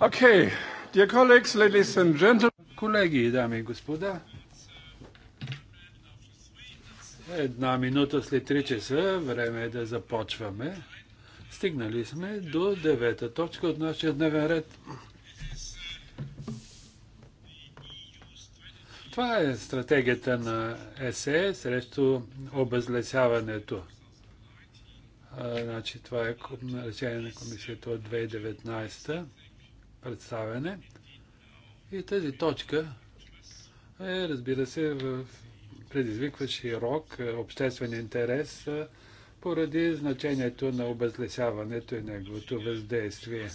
Okay, dear colleagues, ladies and gentlemen. Колеги, дами и господа, една минута след 3 часа, време е да започваме. Стигнали сме до девета точка от нашия дневен ред. Това е стратегията на ЕСЕ срещу обезлесяването. А, значи, това е решение на комисията от 2019 представяне. И тази точка е, разбира се, предизвиква широк е, обществен интерес е, поради значението на обезлесяването и неговото въздействие.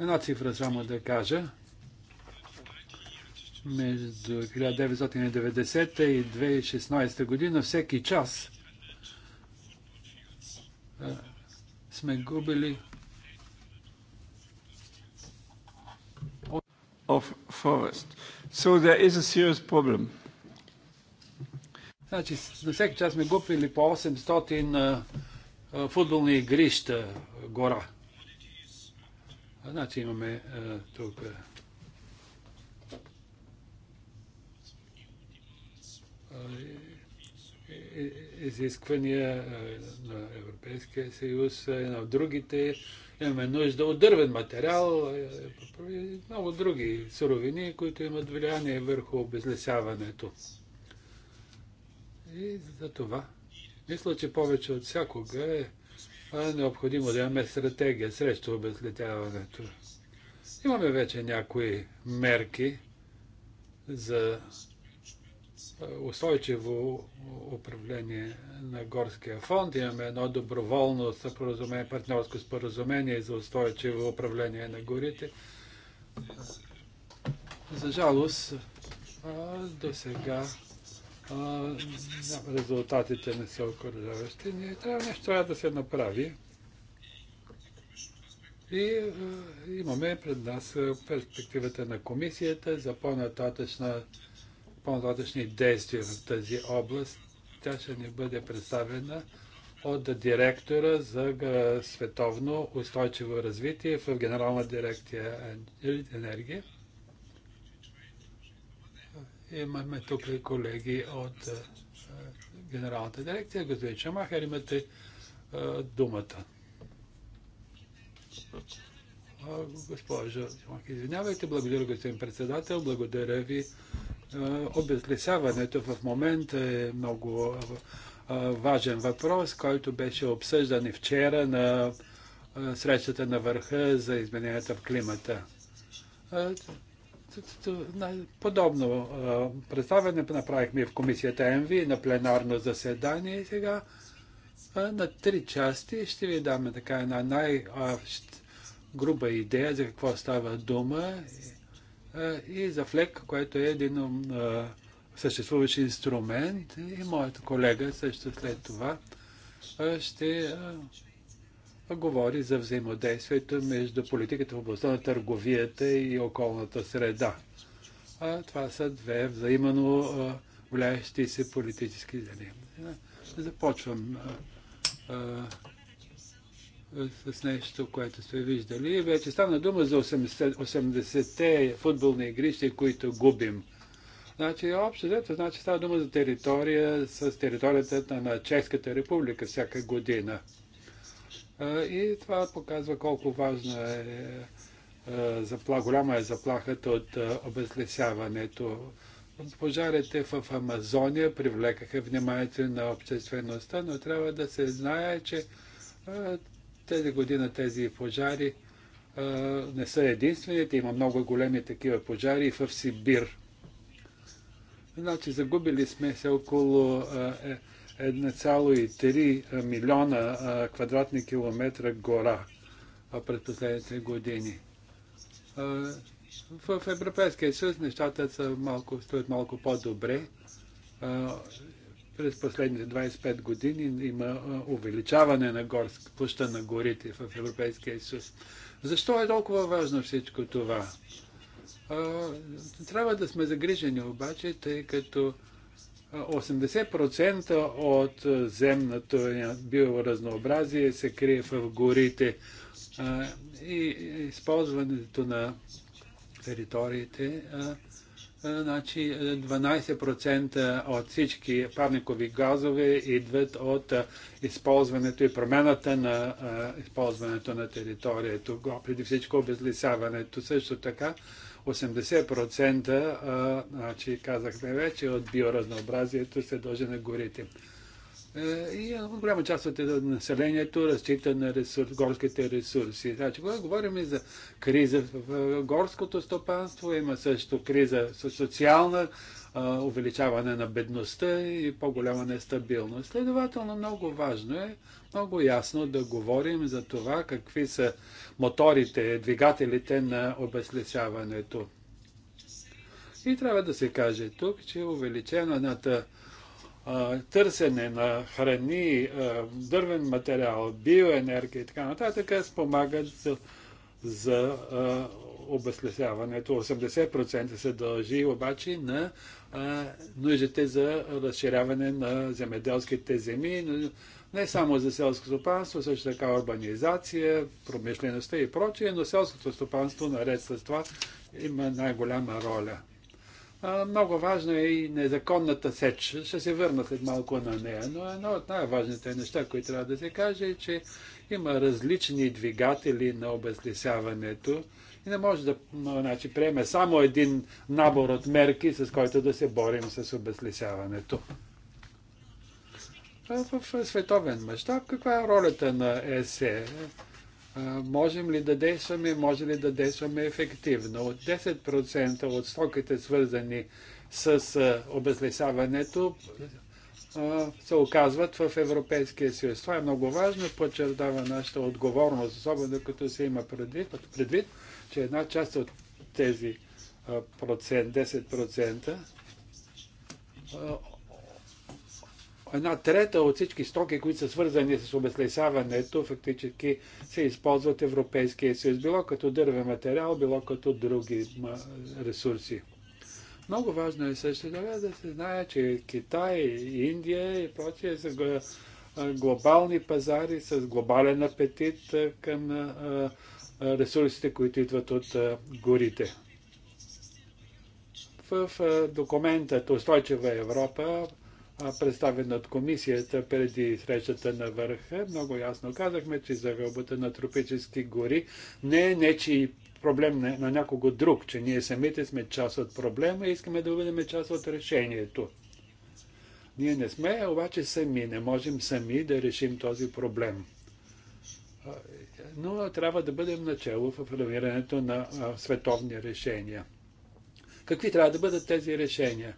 Една цифра само да кажа. Между 1990 и 2016 година всеки час е, сме губили of forest. So there is a serious problem. Значи, на всеки час сме губили по 800 футболни игрища гора. Значи имаме тук а, е, изисквания е, на Европейския съюз, и е, на другите. Имаме нужда от дървен материал и много други суровини, които имат влияние върху обезлесяването. И за това мисля, че повече от всякога е необходимо да имаме стратегия срещу обезлетяването. Имаме вече някои мерки за устойчиво управление на горския фонд. Имаме едно доброволно споразумение, партньорско споразумение за устойчиво управление на горите. За жалост, до сега резултатите не са окоръжаващи. Ние трябва нещо да се направи. И имаме пред нас перспективата на комисията за по-нататъчна по-нататъчни действия в тази област. Тя ще ни бъде представена от директора за световно устойчиво развитие в Генерална дирекция енергия. Имаме тук и колеги от Генералната дирекция. Господин Чамахер, имате думата. Госпожо, извинявайте, благодаря господин председател, благодаря ви е, обезлесяването в момента е много е, важен въпрос, който беше обсъждан и вчера на е, срещата на върха за измененията в климата. Подобно представяне направихме в комисията МВ на пленарно заседание и сега на три части ще ви даме така една най-груба идея за какво става дума е, и за ФЛЕК, който е един е, съществуващ инструмент и моят колега също след това е, ще говори за взаимодействието между политиката в областта на търговията и околната среда. А, това са две взаимно влияещи се политически зелени. Започвам с нещо, което сте виждали. Вече стана дума за 80-те футболни игрища, които губим. Значи, общо взето, значи става дума за територия с територията на Чешката република всяка година. И това показва колко важна е, е заплаха, голяма е заплахата от е, обезлесяването. Пожарите в Амазония привлекаха вниманието на обществеността, но трябва да се знае, че е, тази година тези пожари не са единствените. Има много големи такива пожари в Сибир. Значи загубили сме се около 1,3 е, милиона квадратни километра гора през последните години. в Европейския съюз нещата са малко, стоят малко по-добре през последните 25 години има увеличаване на горска площа на горите в Европейския съюз. Защо е толкова важно всичко това? Трябва да сме загрижени обаче, тъй като 80% от земното биоразнообразие се крие в горите и използването на териториите е, значи 12% е, от всички парникови газове идват от е, използването и промената на използването на територието, преди всичко обезлисяването. Също така 80% значи, казахме вече от биоразнообразието се дължи на горите. Е, и е, голяма част от е, населението разчита на ресурс, горските ресурси. Значи, когато говорим и за криза в горското стопанство, има също криза социална, увеличаване на бедността и по-голяма нестабилност. Следователно, много важно е много ясно да говорим за това какви са моторите, двигателите на обезлесяването. И трябва да се каже тук, че увеличената търсене на храни, дървен материал, биоенергия и така нататък спомагат за, за обезлесяването. 80% се дължи обаче на нуждите за разширяване на земеделските земи, не само за селското стопанство, също така урбанизация, промишлеността и прочие, но селското стопанство наред с това има най-голяма роля. Много важно е и незаконната сеч. Ще се върна след малко на нея, но едно от най-важните неща, които трябва да се каже, е, че има различни двигатели на обезлисяването и не може да значи, приеме само един набор от мерки, с който да се борим с обезлисяването. В световен мащаб каква е ролята на ЕСЕ? можем ли да действаме, може ли да действаме ефективно. От 10% от стоките, свързани с обезлесяването, се оказват в Европейския съюз. Това е много важно, подчертава нашата отговорност, особено като се има предвид, предвид че една част от тези процент, 10% една трета от всички стоки, които са свързани с обезлесяването, фактически се използват Европейския съюз, било като дървен материал, било като други ресурси. Много важно е също така да се знае, че Китай, Индия и прочие са глобални пазари с глобален апетит към ресурсите, които идват от горите. В документът Устойчива Европа представен от комисията преди срещата на върха, много ясно казахме, че работа на тропически гори не е нечи проблем на, на някого друг, че ние самите сме част от проблема и искаме да бъдем част от решението. Ние не сме обаче сами, не можем сами да решим този проблем. Но трябва да бъдем начало в формирането на световни решения. Какви трябва да бъдат тези решения?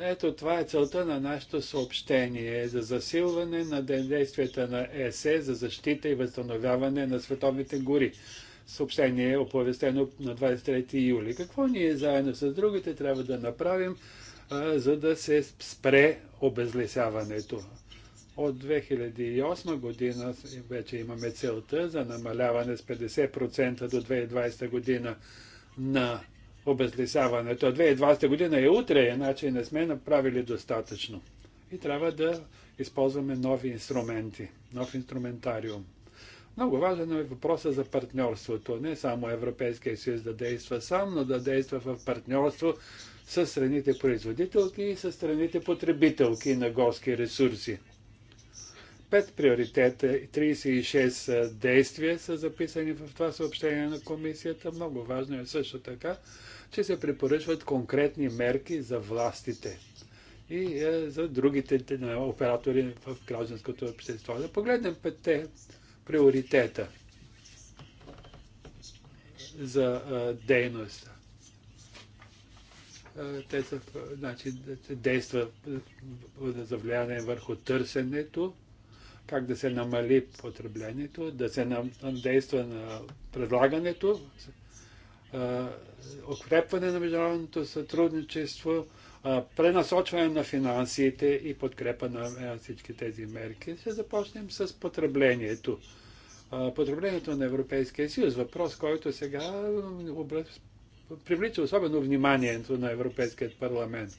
Ето това е целта на нашето съобщение за засилване на действията на ЕСЕ за защита и възстановяване на световните гори. Съобщение е оповестено на 23 юли. Какво ние заедно с другите трябва да направим, а, за да се спре обезлесяването? От 2008 година вече имаме целта за намаляване с 50% до 2020 година на обезлисяването. 2020 година е утре, иначе не сме направили достатъчно. И трябва да използваме нови инструменти, нов инструментариум. Много важен е въпроса за партньорството. Не само Европейския съюз да действа сам, но да действа в партньорство с страните производителки и с страните потребителки на горски ресурси. Пет приоритета и 36 действия са записани в това съобщение на комисията. Много важно е също така че се препоръчват конкретни мерки за властите и е, за другите е, оператори в гражданското общество. Да погледнем петте приоритета за е, дейност. Те са, значи, действа за влияние върху търсенето, как да се намали потреблението, да се действа на предлагането, укрепване на международното сътрудничество, пренасочване на финансите и подкрепа на е, всички тези мерки. Ще започнем с потреблението. Потреблението на Европейския съюз, въпрос, който сега привлича особено вниманието на Европейският парламент.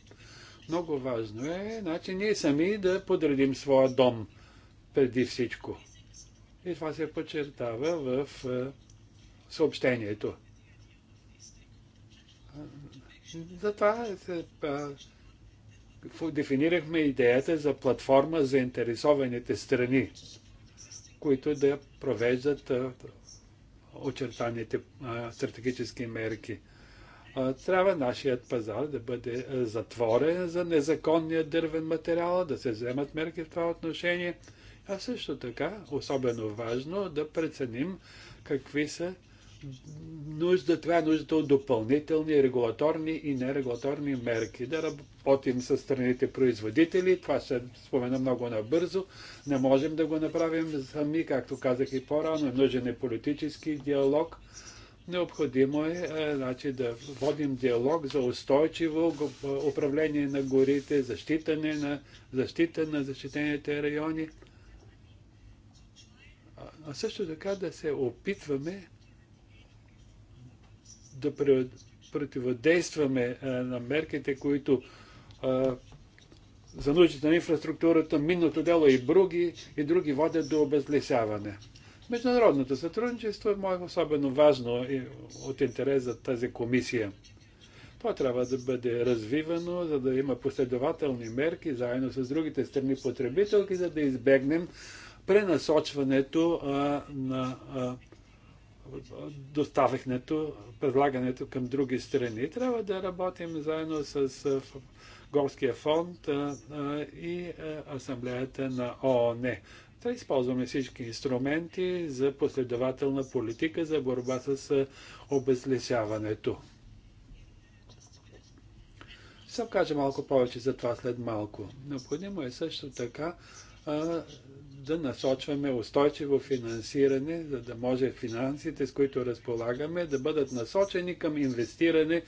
Много важно е, значи ние сами да подредим своя дом преди всичко. И това се подчертава в е, съобщението. Затова се, а, дефинирахме идеята за платформа за интересованите страни, които да провеждат а, очертаните а, стратегически мерки. А, трябва нашият пазар да бъде затворен за незаконния дървен материал, да се вземат мерки в това отношение, а също така, особено важно, да преценим какви са нужда, това е нуждата от допълнителни регулаторни и нерегулаторни мерки. Да работим с страните производители, това ще спомена много набързо. Не можем да го направим сами, както казах и по-рано. Е нужен е политически диалог. Необходимо е, е значи, да водим диалог за устойчиво управление на горите, защитане на, защита на защитените райони. А също така да се опитваме да противодействаме на мерките, които за нуждите на инфраструктурата, минното дело и други, и други водят до обезлесяване. Международното сътрудничество е особено важно и от интерес за тази комисия. Това трябва да бъде развивано, за да има последователни мерки, заедно с другите страни потребителки, за да избегнем пренасочването а, на а, доставихнето, предлагането към други страни. Трябва да работим заедно с Горския фонд и Асамблеята на ООН. Да използваме всички инструменти за последователна политика за борба с обезлесяването. Ще кажа малко повече за това след малко. Необходимо е също така да насочваме устойчиво финансиране, за да може финансите, с които разполагаме, да бъдат насочени към инвестиране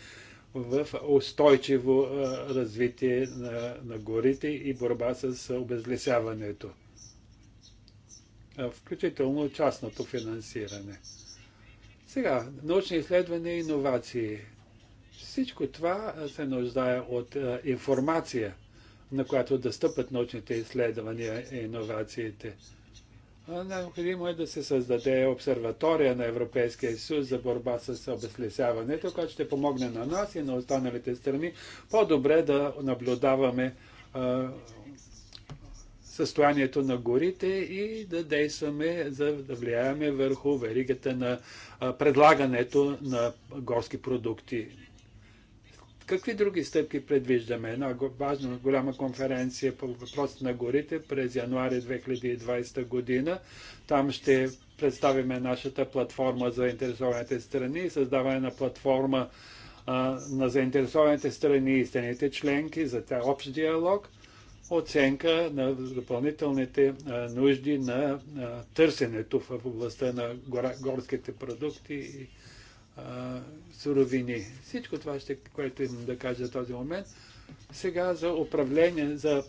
в устойчиво развитие на, на горите и борба с обезлесяването. Включително частното финансиране. Сега, научни изследвания и иновации. Всичко това се нуждае от информация – на която да стъпат научните изследвания и иновациите. Необходимо е да се създаде обсерватория на Европейския съюз за борба с обезлесяването, която ще помогне на нас и на останалите страни по-добре да наблюдаваме състоянието на горите и да действаме, за да влияеме върху веригата на предлагането на горски продукти Какви други стъпки предвиждаме? Една важна голяма конференция по въпросите на горите през януари 2020 година. Там ще представиме нашата платформа за интересованите страни и създаване на платформа а, на заинтересованите страни и страните членки за тя общ диалог, оценка на допълнителните а, нужди на а, търсенето в областта на гора, горските продукти и суровини. Всичко това, ще, което имам да кажа в този момент. Сега за управление, за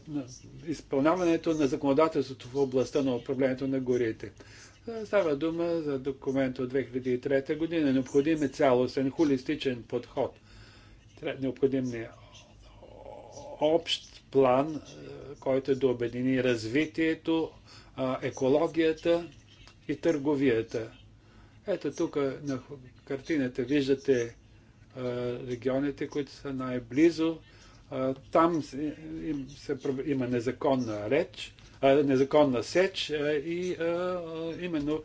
изпълняването на законодателството в областта на управлението на горите. Става дума за документ от 2003 година. Необходим е цялостен, холистичен подход. Необходим е общ план, който да обедини развитието, екологията и търговията. Ето тук на картината виждате регионите, които са най-близо. Там има незаконна реч, незаконна сеч и именно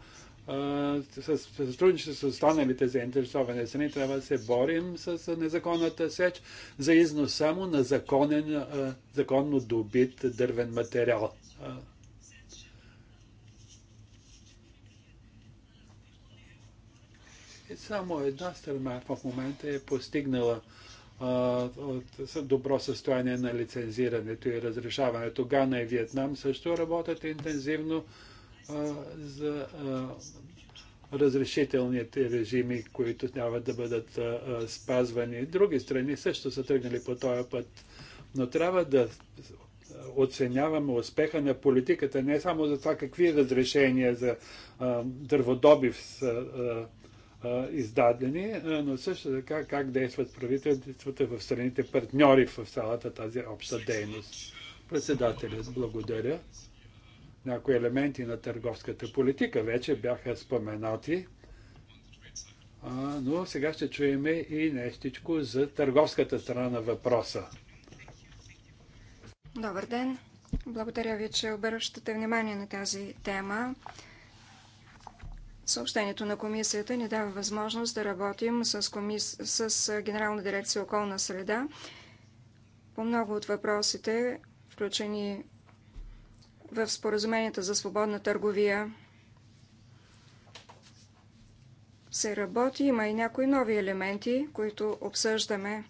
с сътрудничество с останалите заинтересовани страни трябва да се борим с незаконната сеч за износ само на законен, законно добит дървен материал. И само една страна в момента е постигнала от добро състояние на лицензирането и разрешаването. Гана и Виетнам също работят интензивно а, за а, разрешителните режими, които трябва да бъдат а, а, спазвани. Други страни също са тръгнали по този път, но трябва да оценяваме успеха на политиката не само за това какви разрешения за а, дърводобив са издадени, но също така как действат правителствата в страните партньори в цялата тази обща дейност. Председателят, благодаря. Някои елементи на търговската политика вече бяха споменати, но сега ще чуем и нещичко за търговската страна на въпроса. Добър ден! Благодаря ви, че обръщате внимание на тази тема. Съобщението на комисията ни дава възможност да работим с, комис... с Генерална дирекция околна среда по много от въпросите, включени в споразуменията за свободна търговия. Се работи, има и някои нови елементи, които обсъждаме.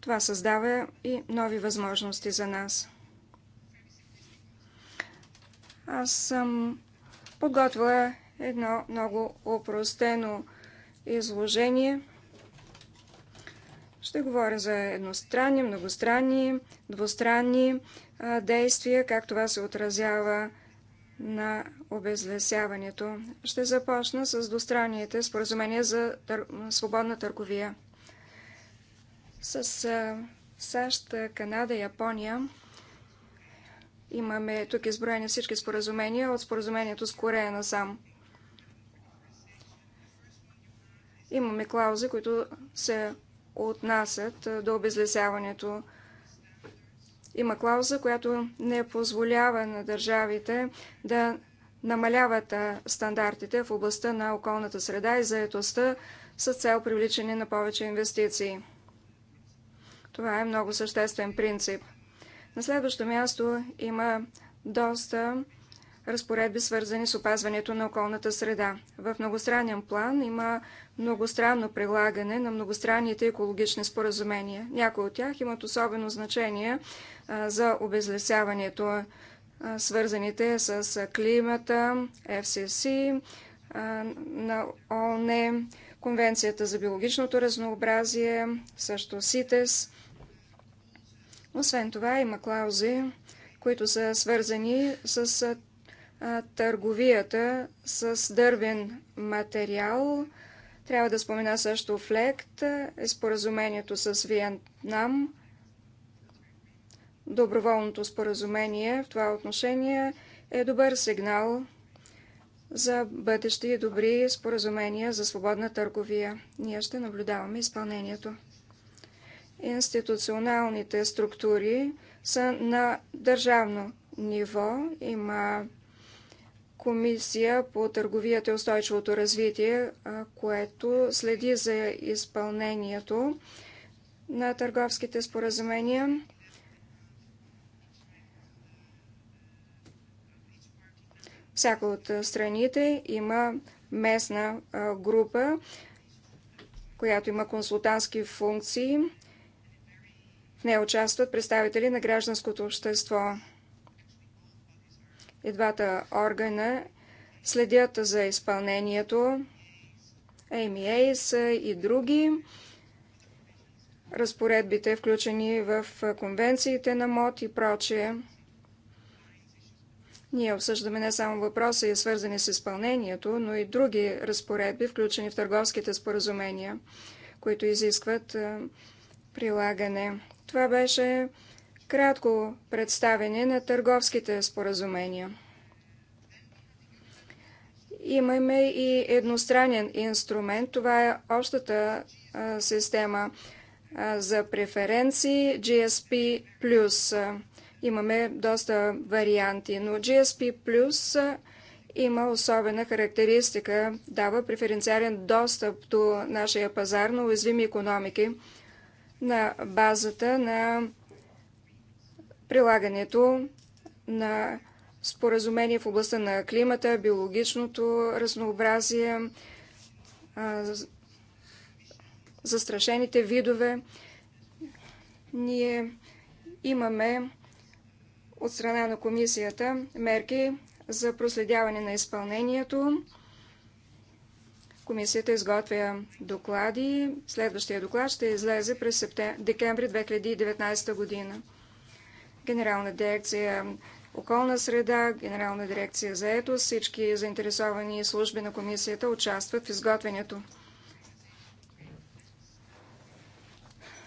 Това създава и нови възможности за нас. Аз съм подготвила едно много упростено изложение. Ще говоря за едностранни, многостранни, двустранни действия, как това се отразява на обезлесяването. Ще започна с двустранните споразумения за тър... свободна търговия. С а, САЩ, Канада, Япония имаме тук изброени всички споразумения от споразумението с Корея насам. Имаме клаузи, които се отнасят до обезлесяването. Има клауза, която не позволява на държавите да намаляват стандартите в областта на околната среда и заетостта с цел привличане на повече инвестиции. Това е много съществен принцип. На следващо място има доста разпоредби, свързани с опазването на околната среда. В многостранен план има многостранно прилагане на многостранните екологични споразумения. Някои от тях имат особено значение за обезлесяването, свързаните с климата, FCC, на ООН, Конвенцията за биологичното разнообразие, също СИТЕС. Освен това има клаузи, които са свързани с търговията с дървен материал. Трябва да спомена също ФЛЕКТ, е споразумението с Виетнам, доброволното споразумение в това отношение е добър сигнал за бъдещи и добри споразумения за свободна търговия. Ние ще наблюдаваме изпълнението. Институционалните структури са на държавно ниво. Има комисия по търговията и устойчивото развитие, което следи за изпълнението на търговските споразумения. Всяка от страните има местна група, която има консултантски функции. В нея участват представители на гражданското общество. И двата органа следят за изпълнението. AMAs и други разпоредбите, включени в конвенциите на МОД и прочее. Ние обсъждаме не само въпроси, е свързани с изпълнението, но и други разпоредби, включени в търговските споразумения, които изискват прилагане. Това беше кратко представене на търговските споразумения. Имаме и едностранен инструмент. Това е общата а, система а, за преференции GSP+. Имаме доста варианти, но GSP+, има особена характеристика, дава преференциален достъп до нашия пазар на уязвими економики на базата на прилагането на споразумение в областта на климата, биологичното разнообразие, застрашените видове. Ние имаме от страна на комисията мерки за проследяване на изпълнението. Комисията изготвя доклади. Следващия доклад ще излезе през септем... декември 2019 година. Генерална дирекция околна среда, Генерална дирекция за ето, всички заинтересовани служби на комисията участват в изготвянето.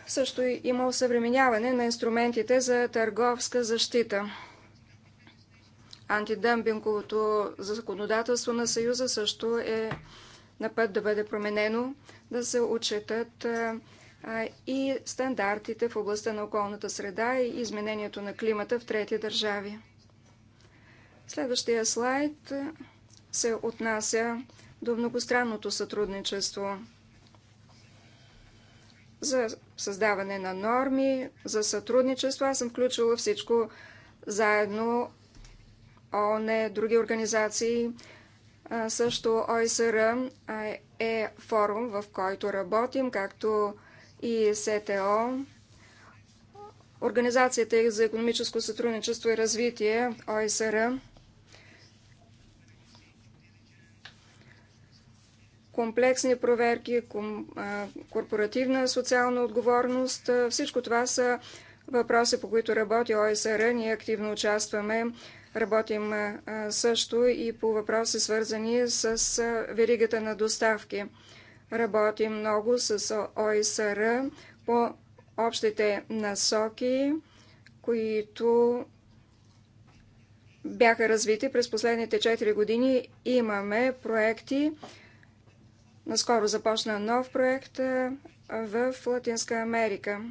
Също има усъвременяване на инструментите за търговска защита. Антидъмпинговото законодателство на Съюза също е на път да бъде променено, да се отчитат е, и стандартите в областта на околната среда и изменението на климата в трети държави. Следващия слайд се отнася до многостранното сътрудничество за създаване на норми, за сътрудничество. Аз съм включила всичко заедно ООН, други организации, също ОСР е форум, в който работим, както и СТО, Организацията за економическо сътрудничество и развитие, ОСР, комплексни проверки, корпоративна социална отговорност. Всичко това са въпроси, по които работи ОСР. Ние активно участваме. Работим също и по въпроси, свързани с веригата на доставки. Работим много с ОСР по общите насоки, които бяха развити през последните 4 години. Имаме проекти. Наскоро започна нов проект в Латинска Америка.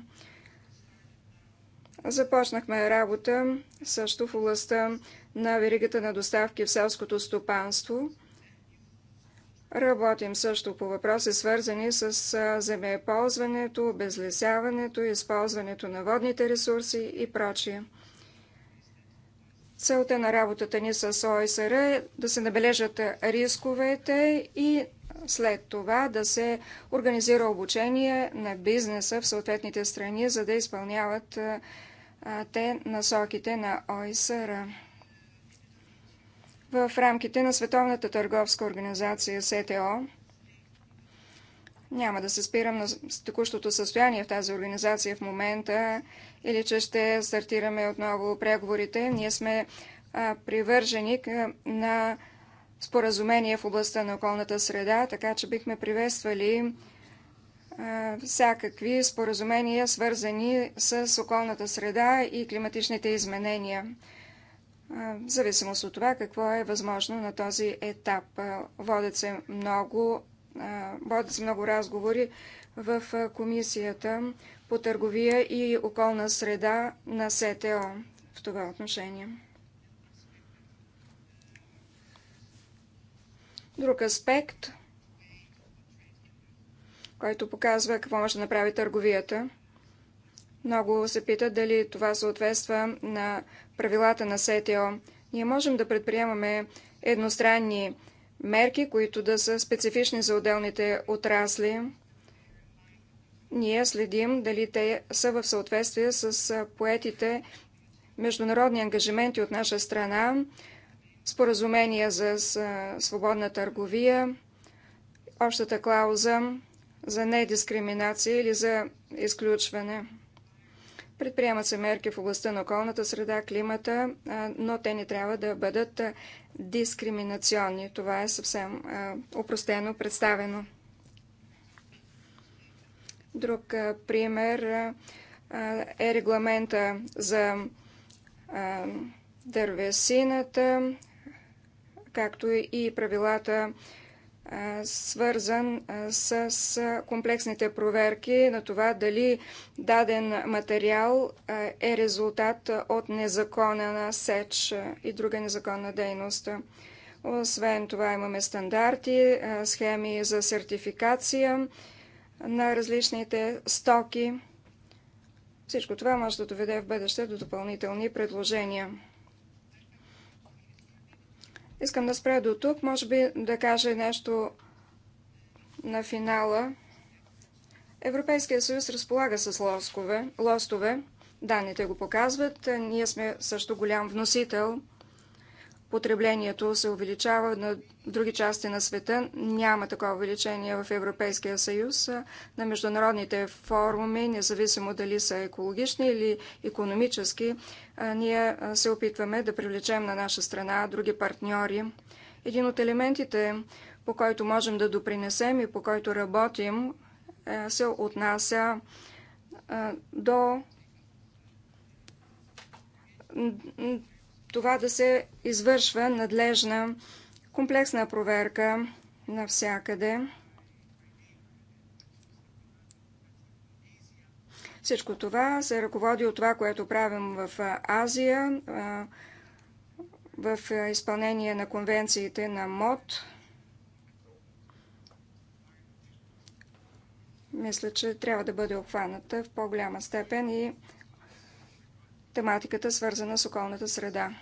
Започнахме работа също в областта на веригата на доставки в селското стопанство – Работим също по въпроси, свързани с земеползването, обезлесяването, използването на водните ресурси и прочие. Целта на работата ни с ОСР е да се набележат рисковете и след това да се организира обучение на бизнеса в съответните страни, за да изпълняват те насоките на ОСР в рамките на Световната търговска организация СТО. Няма да се спирам на текущото състояние в тази организация в момента или че ще стартираме отново преговорите. Ние сме привържени на споразумение в областта на околната среда, така че бихме приветствали всякакви споразумения, свързани с околната среда и климатичните изменения в зависимост от това какво е възможно на този етап. Водят се много, водят се много разговори в Комисията по търговия и околна среда на СТО в това отношение. Друг аспект, който показва какво може да направи търговията. Много се питат дали това съответства на правилата на СТО. Ние можем да предприемаме едностранни мерки, които да са специфични за отделните отрасли. Ние следим дали те са в съответствие с поетите международни ангажименти от наша страна, споразумения за свободна търговия, общата клауза за недискриминация или за изключване. Предприемат се мерки в областта на околната среда, климата, но те не трябва да бъдат дискриминационни. Това е съвсем опростено представено. Друг пример е регламента за дървесината, както и правилата свързан с комплексните проверки на това дали даден материал е резултат от незаконна на сеч и друга незаконна дейност. Освен това имаме стандарти, схеми за сертификация на различните стоки. Всичко това може да доведе в бъдеще до допълнителни предложения. Искам да спра до тук, може би да кажа нещо на финала. Европейския съюз разполага с лоскове, лостове, данните го показват. Ние сме също голям вносител потреблението се увеличава на други части на света. Няма такова увеличение в Европейския съюз. На международните форуми, независимо дали са екологични или економически, ние се опитваме да привлечем на наша страна други партньори. Един от елементите, по който можем да допринесем и по който работим, е, се отнася до това да се извършва надлежна комплексна проверка навсякъде. Всичко това се ръководи от това, което правим в Азия, в изпълнение на конвенциите на МОД. Мисля, че трябва да бъде обхваната в по-голяма степен и тематиката, свързана с околната среда.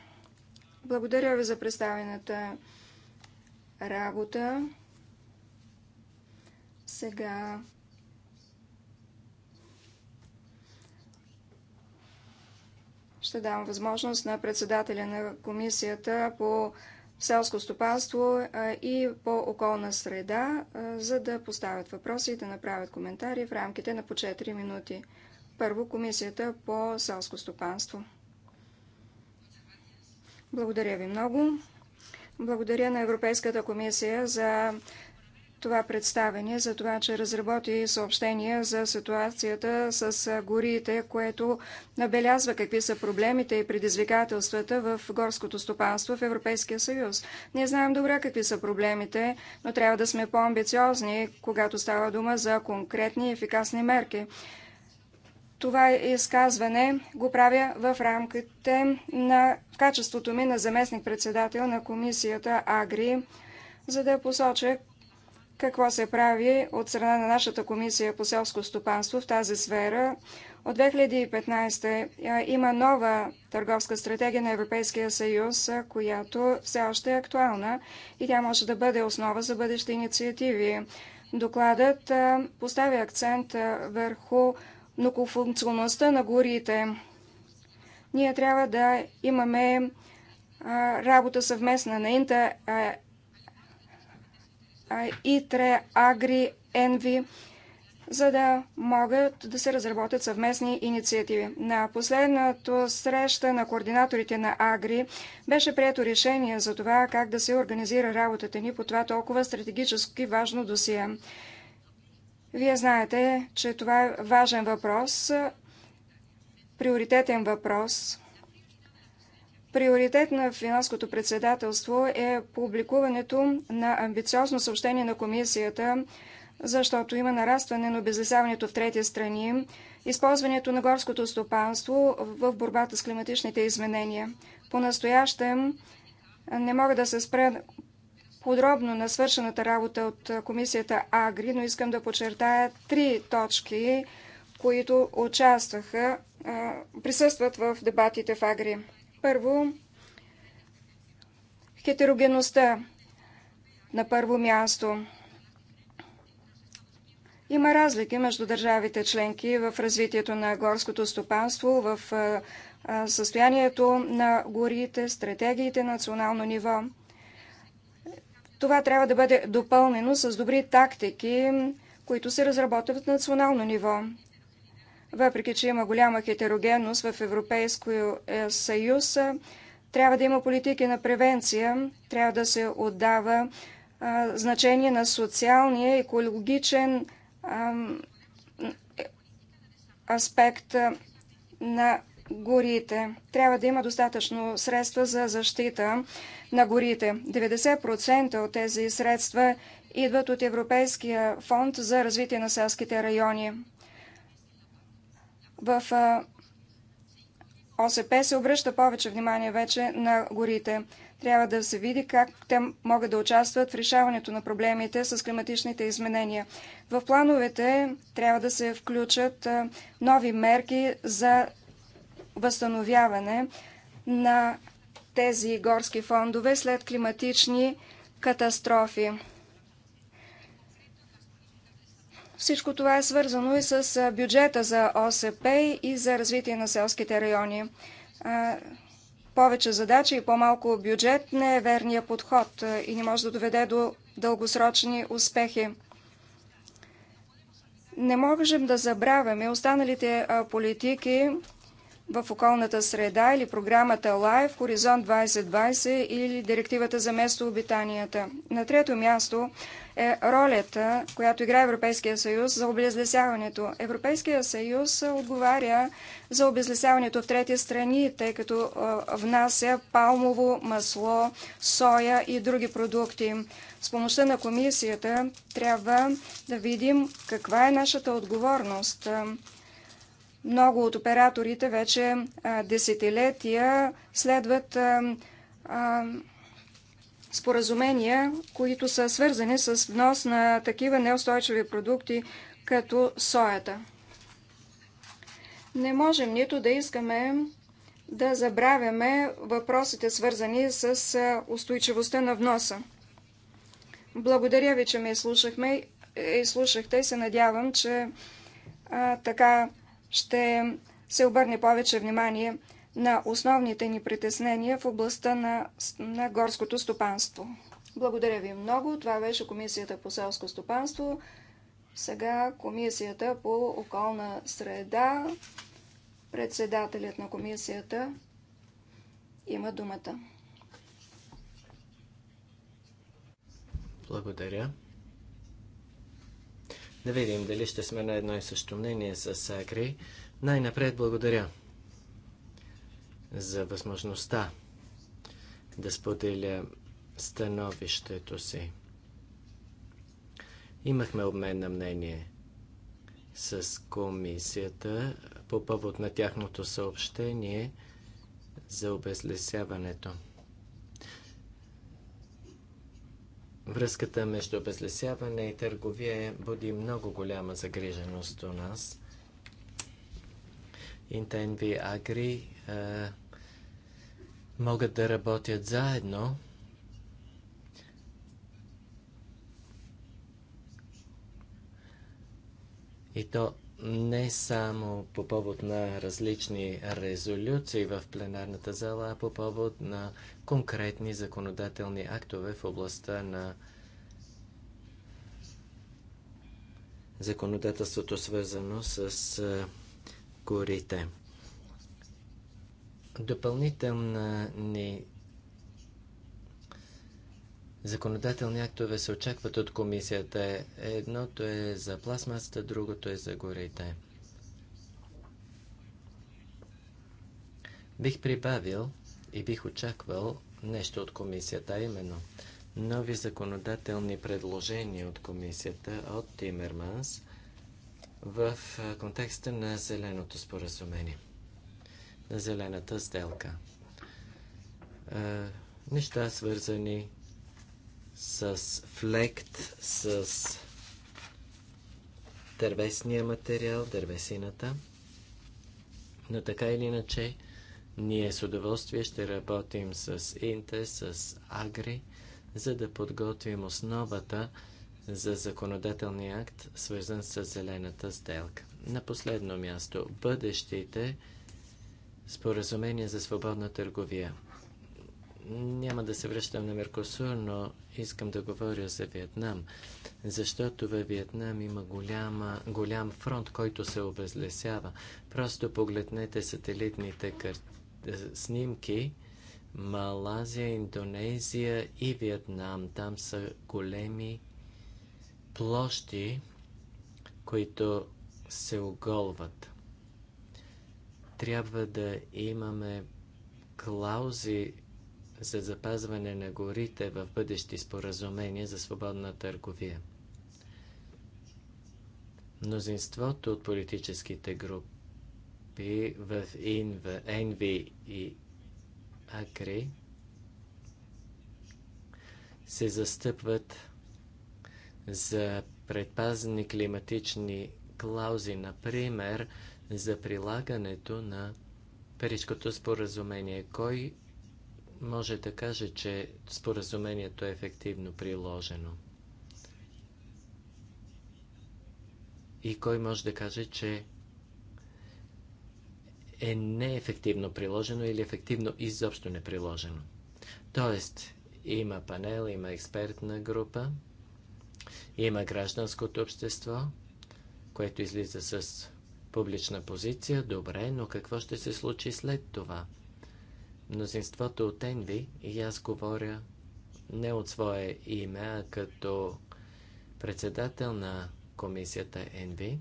Благодаря ви за представената работа. Сега ще дам възможност на председателя на комисията по селско стопанство и по околна среда, за да поставят въпроси и да направят коментари в рамките на по 4 минути. Първо Комисията по селско стопанство. Благодаря ви много. Благодаря на Европейската комисия за това представение, за това, че разработи съобщение за ситуацията с горите, което набелязва какви са проблемите и предизвикателствата в горското стопанство в Европейския съюз. Ние знаем добре какви са проблемите, но трябва да сме по-амбициозни, когато става дума за конкретни и ефикасни мерки. Това изказване го правя в рамките на в качеството ми на заместник-председател на комисията Агри, за да посоча какво се прави от страна на нашата комисия по селско стопанство в тази сфера. От 2015 има нова търговска стратегия на Европейския съюз, която все още е актуална и тя може да бъде основа за бъдещи инициативи. Докладът поставя акцент върху многофункционалността на горите. Ние трябва да имаме работа съвместна на Инта, ИТРЕ, Агри, ЕНВИ, за да могат да се разработят съвместни инициативи. На последната среща на координаторите на Агри беше прието решение за това как да се организира работата ни по това толкова стратегически важно досие. Вие знаете, че това е важен въпрос, приоритетен въпрос. Приоритет на финанското председателство е публикуването на амбициозно съобщение на комисията, защото има нарастване на обезлесяването в трети страни, използването на горското стопанство в борбата с климатичните изменения. По-настоящем не мога да се спра подробно на свършената работа от комисията Агри, но искам да подчертая три точки, които участваха, присъстват в дебатите в Агри. Първо, хетерогенността на първо място. Има разлики между държавите членки в развитието на горското стопанство, в състоянието на горите, стратегиите на национално ниво. Това трябва да бъде допълнено с добри тактики, които се разработват в национално ниво. Въпреки, че има голяма хетерогенност в Европейския съюз, трябва да има политики на превенция, трябва да се отдава а, значение на социалния, екологичен е, а, аспект на горите. Трябва да има достатъчно средства за защита на горите. 90% от тези средства идват от Европейския фонд за развитие на селските райони. В ОСП се обръща повече внимание вече на горите. Трябва да се види как те могат да участват в решаването на проблемите с климатичните изменения. В плановете трябва да се включат нови мерки за възстановяване на тези горски фондове след климатични катастрофи. Всичко това е свързано и с бюджета за ОСП и за развитие на селските райони. Повече задачи и по-малко бюджет не е верния подход и не може да доведе до дългосрочни успехи. Не можем да забравяме останалите политики, в околната среда или програмата LIFE, Хоризонт 2020 или Директивата за местообитанията. На трето място е ролята, която играе Европейския съюз за обезлесяването. Европейския съюз отговаря за обезлесяването в трети страни, тъй като внася палмово масло, соя и други продукти. С помощта на комисията трябва да видим каква е нашата отговорност – много от операторите вече десетилетия следват споразумения, които са свързани с внос на такива неустойчиви продукти, като соята. Не можем нито да искаме да забравяме въпросите, свързани с устойчивостта на вноса. Благодаря ви, че ме изслушахме, е, изслушахте и се надявам, че а, така ще се обърне повече внимание на основните ни притеснения в областта на, на горското стопанство. Благодаря ви много. Това беше Комисията по селско стопанство. Сега Комисията по околна среда. Председателят на комисията има думата. Благодаря. Да видим дали ще сме на едно и също мнение с Сакри. Най-напред благодаря за възможността да споделя становището си. Имахме обмен на мнение с комисията по повод на тяхното съобщение за обезлесяването. Връзката между обезлесяване и търговия е- буди много голяма загриженост у нас. Интенви Агри е, могат да работят заедно. И то не само по повод на различни резолюции в пленарната зала, а по повод на конкретни законодателни актове в областта на законодателството, свързано с горите. Допълнителна ни законодателни актове се очакват от комисията. Едното е за пластмасата, другото е за горите. Бих прибавил и бих очаквал нещо от комисията, именно нови законодателни предложения от комисията от Тимерманс в контекста на зеленото споразумение, на зелената сделка. Неща свързани с флект, с дървесния материал, дървесината. Но така или иначе, ние с удоволствие ще работим с Инте, с Агри, за да подготвим основата за законодателния акт, свързан с зелената сделка. На последно място, бъдещите споразумения за свободна търговия. Няма да се връщам на Меркосур, но искам да говоря за Виетнам, защото във Виетнам има голяма, голям фронт, който се обезлесява. Просто погледнете сателитните кър... Е, снимки. Малазия, Индонезия и Виетнам. Там са големи площи, които се оголват. Трябва да имаме клаузи за запазване на горите в бъдещи споразумения за свободна търговия. Мнозинството от политическите групи в Енви и Акри се застъпват за предпазни климатични клаузи, например за прилагането на Парижкото споразумение. Кой може да каже, че споразумението е ефективно приложено? И кой може да каже, че е неефективно приложено или ефективно изобщо не приложено? Тоест, има панел, има експертна група, има гражданското общество, което излиза с публична позиция. Добре, но какво ще се случи след това? мнозинството от Енви и аз говоря не от свое име, а като председател на комисията Енви.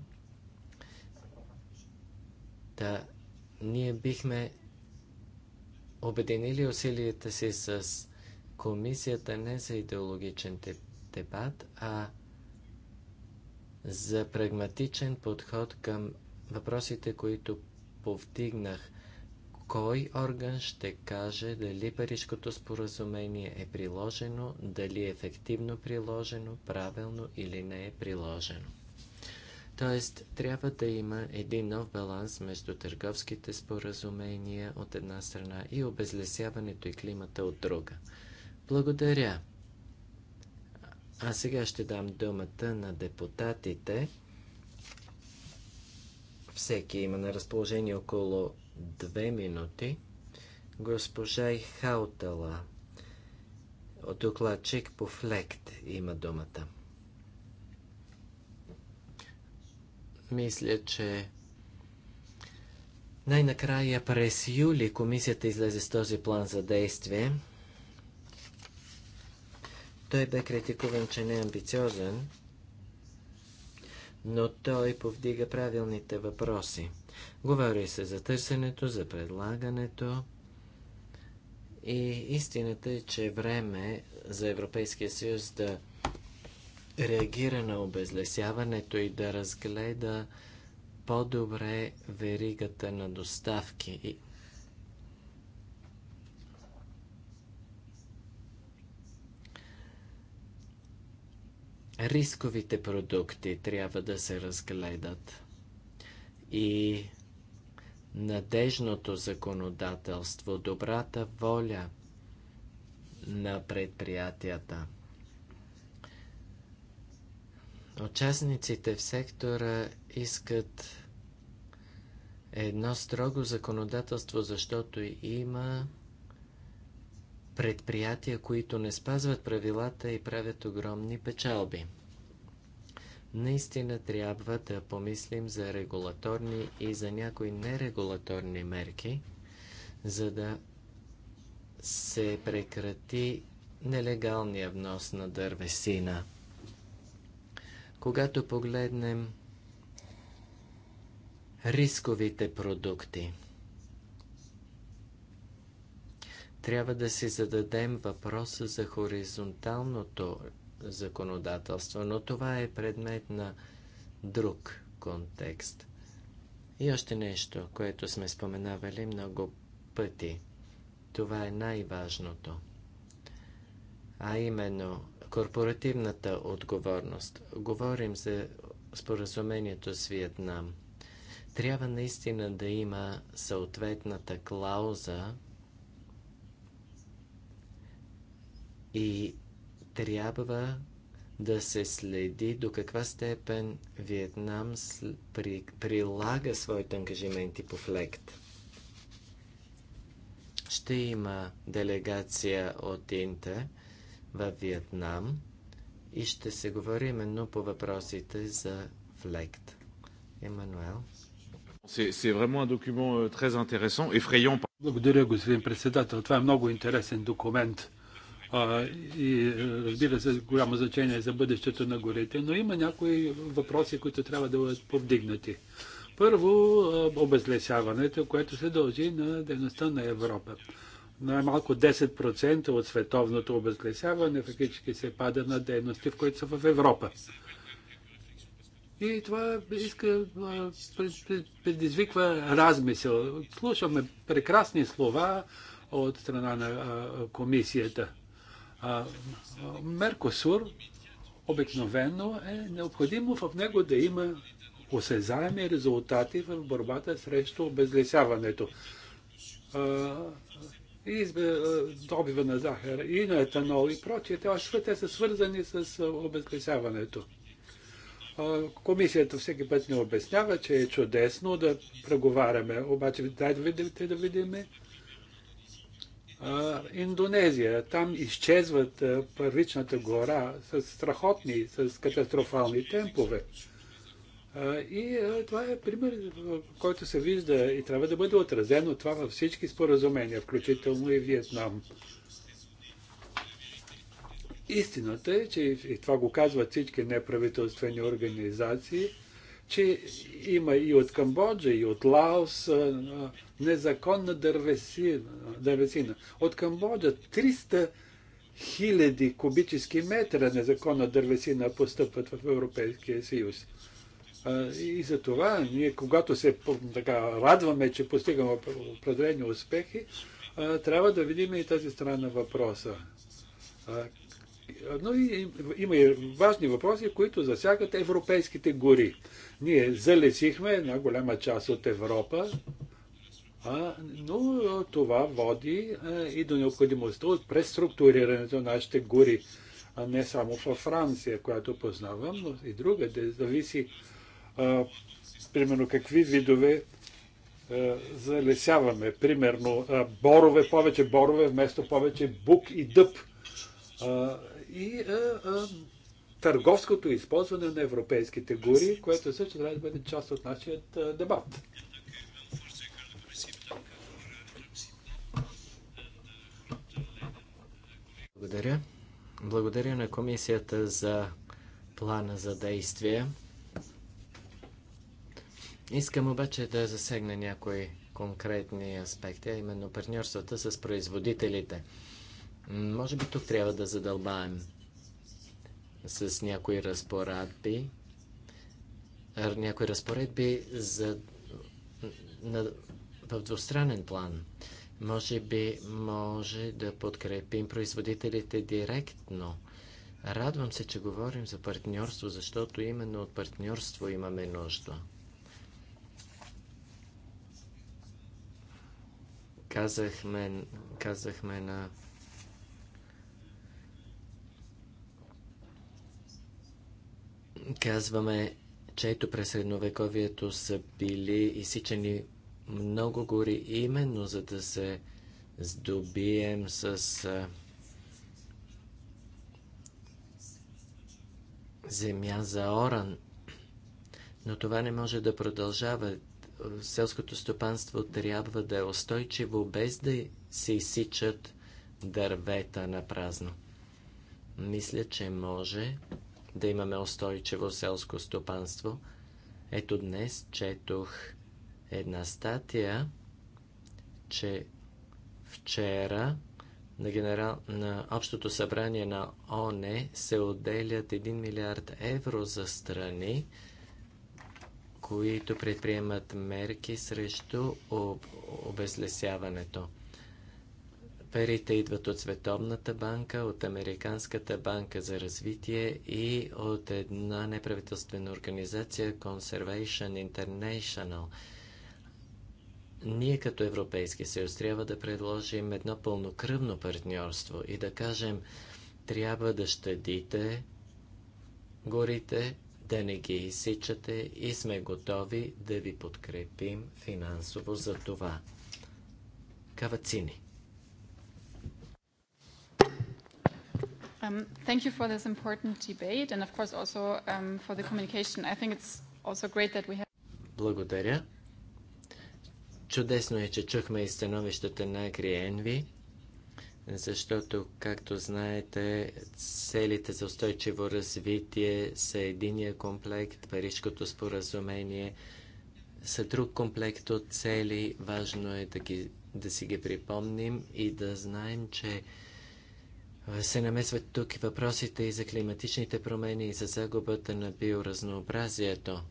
Да, ние бихме обединили усилията си с комисията не за идеологичен дебат, а за прагматичен подход към въпросите, които повдигнах – кой орган ще каже дали Парижкото споразумение е приложено, дали е ефективно приложено, правилно или не е приложено. Тоест, трябва да има един нов баланс между търговските споразумения от една страна и обезлесяването и климата от друга. Благодаря. А сега ще дам думата на депутатите. Всеки има на разположение около две минути. Госпожа Хаутала, от докладчик по флект, има думата. Мисля, че най-накрая през юли комисията излезе с този план за действие. Той бе критикуван, че не е амбициозен, но той повдига правилните въпроси. Говори се за търсенето, за предлагането. И истината е, че е време за Европейския съюз да реагира на обезлесяването и да разгледа по-добре веригата на доставки. Рисковите продукти трябва да се разгледат и надежното законодателство, добрата воля на предприятията. Участниците в сектора искат едно строго законодателство, защото има предприятия, които не спазват правилата и правят огромни печалби. Наистина трябва да помислим за регулаторни и за някои нерегулаторни мерки, за да се прекрати нелегалния внос на дървесина. Когато погледнем рисковите продукти, трябва да си зададем въпроса за хоризонталното законодателство, но това е предмет на друг контекст. И още нещо, което сме споменавали много пъти. Това е най-важното. А именно корпоративната отговорност. Говорим за споразумението с Виетнам. Трябва наистина да има съответната клауза и трябва да се следи до каква степен Виетнам при, прилага своите ангажименти по флект. Ще има делегация от Инта в Виетнам и ще се говори именно по въпросите за флект. Емануел. Е euh, Благодаря, господин председател. Това е много интересен документ и разбира се, голямо значение е за бъдещето на горите, но има някои въпроси, които трябва да бъдат повдигнати. Първо, обезлесяването, което се дължи на дейността на Европа. Най-малко 10% от световното обезлесяване фактически се пада на дейности, в които са в Европа. И това иска, предизвиква размисъл. Слушаме прекрасни слова от страна на комисията. Меркосур обикновено е необходимо в него да има осезаеми резултати в борбата срещу обезлесяването. И добива на захар, и на етанол, и прочие. Те са свързани с обезлесяването. Комисията всеки път ни обяснява, че е чудесно да преговаряме, обаче дайте да видим Индонезия. Там изчезват първичната гора с страхотни, с катастрофални темпове. и това е пример, който се вижда и трябва да бъде отразено това във всички споразумения, включително и Виетнам. Истината е, че и това го казват всички неправителствени организации, че има и от Камбоджа, и от Лаос незаконна дървесина. дървесина. От Камбоджа 300 хиляди кубически метра незаконна дървесина постъпват в Европейския съюз. И за това ние, когато се така, радваме, че постигаме определени успехи, трябва да видим и тази страна въпроса но и, има и важни въпроси, които засягат европейските гори. Ние залесихме една голяма част от Европа, а, но това води а, и до необходимостта от преструктурирането на нашите гори. А не само във Франция, която познавам, но и друга, да зависи а, примерно какви видове а, залесяваме. Примерно а, борове, повече борове, вместо повече бук и дъб. А, и а, е, а, е, търговското използване на европейските гори, което също трябва да бъде част от нашия е, дебат. Благодаря. Благодаря на комисията за плана за действие. Искам обаче да засегна някои конкретни аспекти, а именно партньорствата с производителите. Може би тук трябва да задълбаем с някои разпоредби, някои разпоредби за, на, в двустранен план. Може би може да подкрепим производителите директно. Радвам се, че говорим за партньорство, защото именно от партньорство имаме нужда. Казахме, казахме на Казваме, че ето през средновековието са били изсичани много гори, именно за да се здобием с земя за оран. Но това не може да продължава. Селското стопанство трябва да е устойчиво, без да се изсичат дървета на празно. Мисля, че може да имаме устойчиво селско стопанство. Ето днес четох една статия, че вчера на, генерал, на Общото събрание на ОНЕ се отделят 1 милиард евро за страни, които предприемат мерки срещу об, обезлесяването. Парите идват от Световната банка, от Американската банка за развитие и от една неправителствена организация Conservation International. Ние като Европейски съюз трябва да предложим едно пълнокръвно партньорство и да кажем трябва да щадите горите, да не ги изсичате и сме готови да ви подкрепим финансово за това. Кавацини. Um, thank you for this important debate and of course also um, for the communication. I think it's also great that we have... Благодаря. Чудесно е, че чухме и становищата на Гриенви, защото, както знаете, целите за устойчиво развитие са единия комплект, Парижкото споразумение са друг комплект от цели. Важно е да, ги, да си ги припомним и да знаем, че се намесват тук въпросите и за климатичните промени и за загубата на биоразнообразието.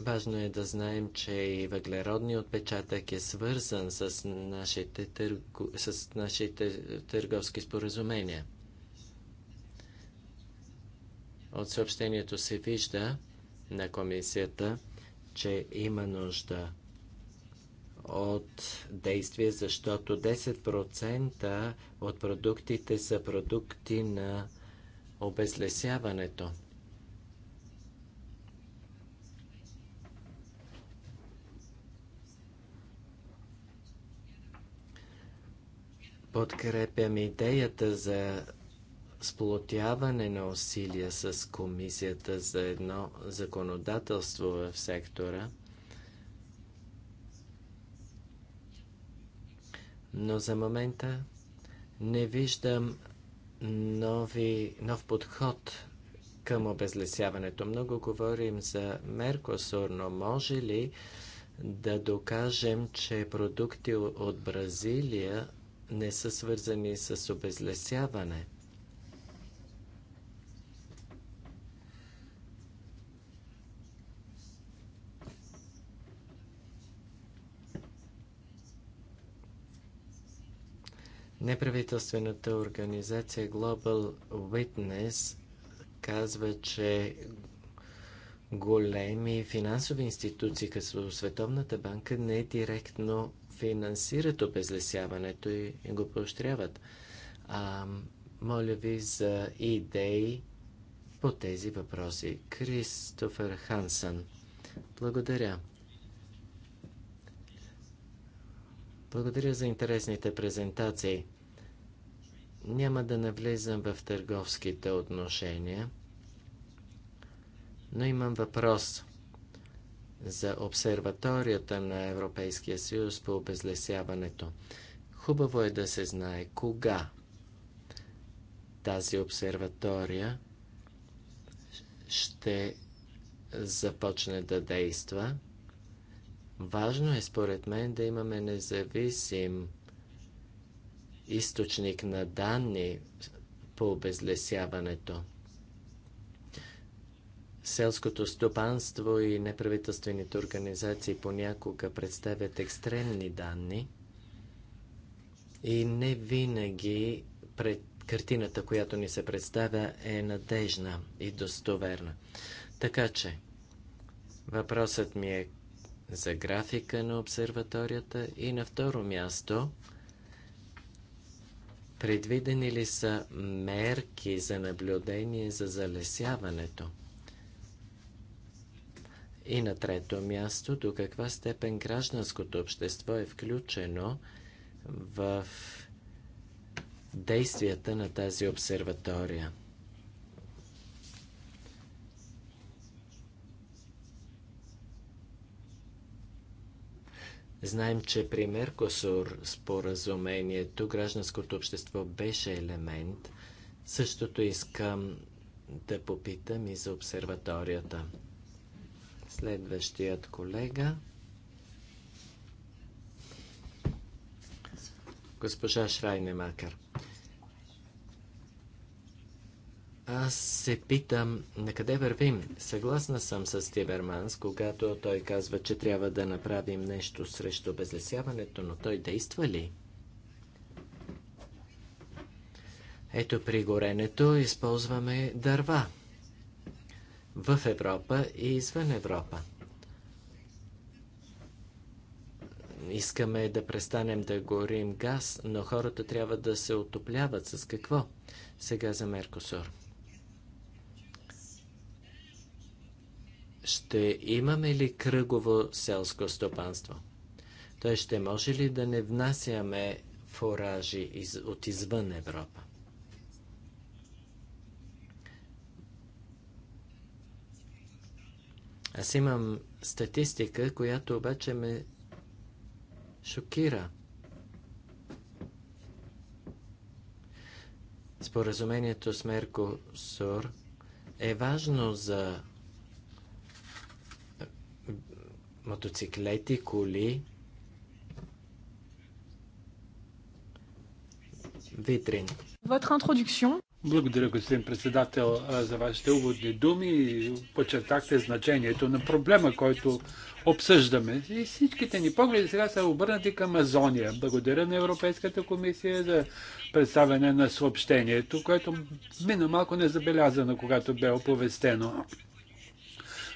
Важно е да знаем, че и въглеродният отпечатък е свързан с нашите, търгу... с нашите търговски споразумения. От съобщението се вижда на комисията, че има нужда от действие, защото 10% от продуктите са продукти на обезлесяването. Подкрепям идеята за сплотяване на усилия с Комисията за едно законодателство в сектора – но за момента не виждам нови, нов подход към обезлесяването. Много говорим за Меркосур, но може ли да докажем, че продукти от Бразилия не са свързани с обезлесяване? Неправителствената организация Global Witness казва, че големи финансови институции, като Световната банка, не директно финансират обезлесяването и го поощряват. А, моля ви за идеи по тези въпроси. Кристофер Хансън. Благодаря. Благодаря за интересните презентации. Няма да навлизам в търговските отношения, но имам въпрос за обсерваторията на Европейския съюз по обезлесяването. Хубаво е да се знае кога тази обсерватория ще започне да действа – Важно е, според мен, да имаме независим източник на данни по обезлесяването. Селското стопанство и неправителствените организации понякога представят екстремни данни и не винаги пред картината, която ни се представя, е надежна и достоверна. Така че, въпросът ми е за графика на обсерваторията и на второ място предвидени ли са мерки за наблюдение за залесяването? И на трето място, до каква степен гражданското общество е включено в действията на тази обсерватория? Знаем, че при Меркосур споразумението гражданското общество беше елемент. Същото искам да попитам и за обсерваторията. Следващият колега. Госпожа Шрайнемакър. Аз се питам на къде вървим. Съгласна съм с Тиберманс, когато той казва, че трябва да направим нещо срещу обезлесяването, но той действа ли? Ето при горенето използваме дърва. В Европа и извън Европа. Искаме да престанем да горим газ, но хората трябва да се отопляват с какво? Сега за Меркосур. ще имаме ли кръгово селско стопанство? Той ще може ли да не внасяме фуражи из, от извън Европа? Аз имам статистика, която обаче ме шокира. Споразумението с Меркосур е важно за мотоциклети, коли, витрин. Благодаря, господин председател, за вашите уводни думи и подчертахте значението на проблема, който обсъждаме. И всичките ни погледи сега са обърнати към Азония. Благодаря на Европейската комисия за представяне на съобщението, което мина малко незабелязано, когато бе оповестено.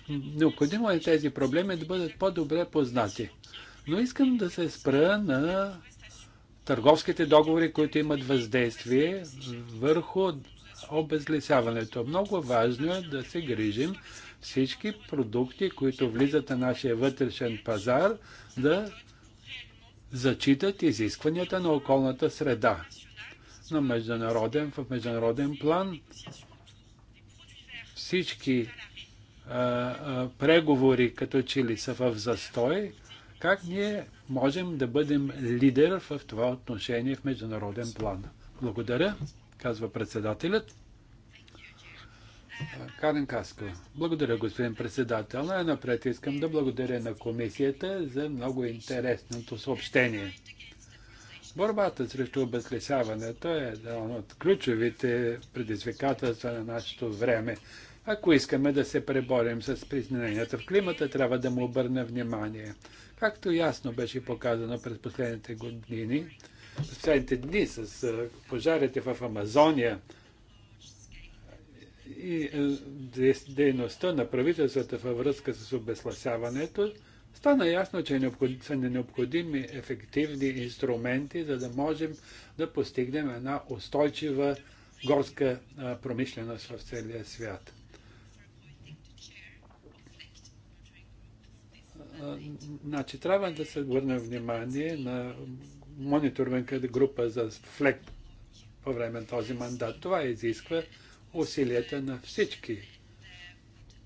Необходимо е тези проблеми да бъдат по-добре познати. Но искам да се спра на търговските договори, които имат въздействие върху обезлисяването. Много важно е да се грижим всички продукти, които влизат на нашия вътрешен пазар, да зачитат изискванията на околната среда. На международен, в международен план всички преговори като че ли са в застой, как ние можем да бъдем лидер в това отношение в международен план? Благодаря, казва председателят. Карен Каско. Благодаря, господин председател. Но напред искам да благодаря на комисията за много интересното съобщение. Борбата срещу обезлесяването е едно от ключовите предизвикателства на нашето време. Ако искаме да се преборим с признанията в климата, трябва да му обърнем внимание. Както ясно беше показано през последните години, последните дни с пожарите в Амазония и дейността на правителствата във връзка с обесласяването, стана ясно, че е са необходими ефективни инструменти, за да можем да постигнем една устойчива горска промишленост в целия свят. Значи, трябва да се върне внимание на мониторинга група за ФЛЕК по време на този мандат. Това изисква усилията на всички,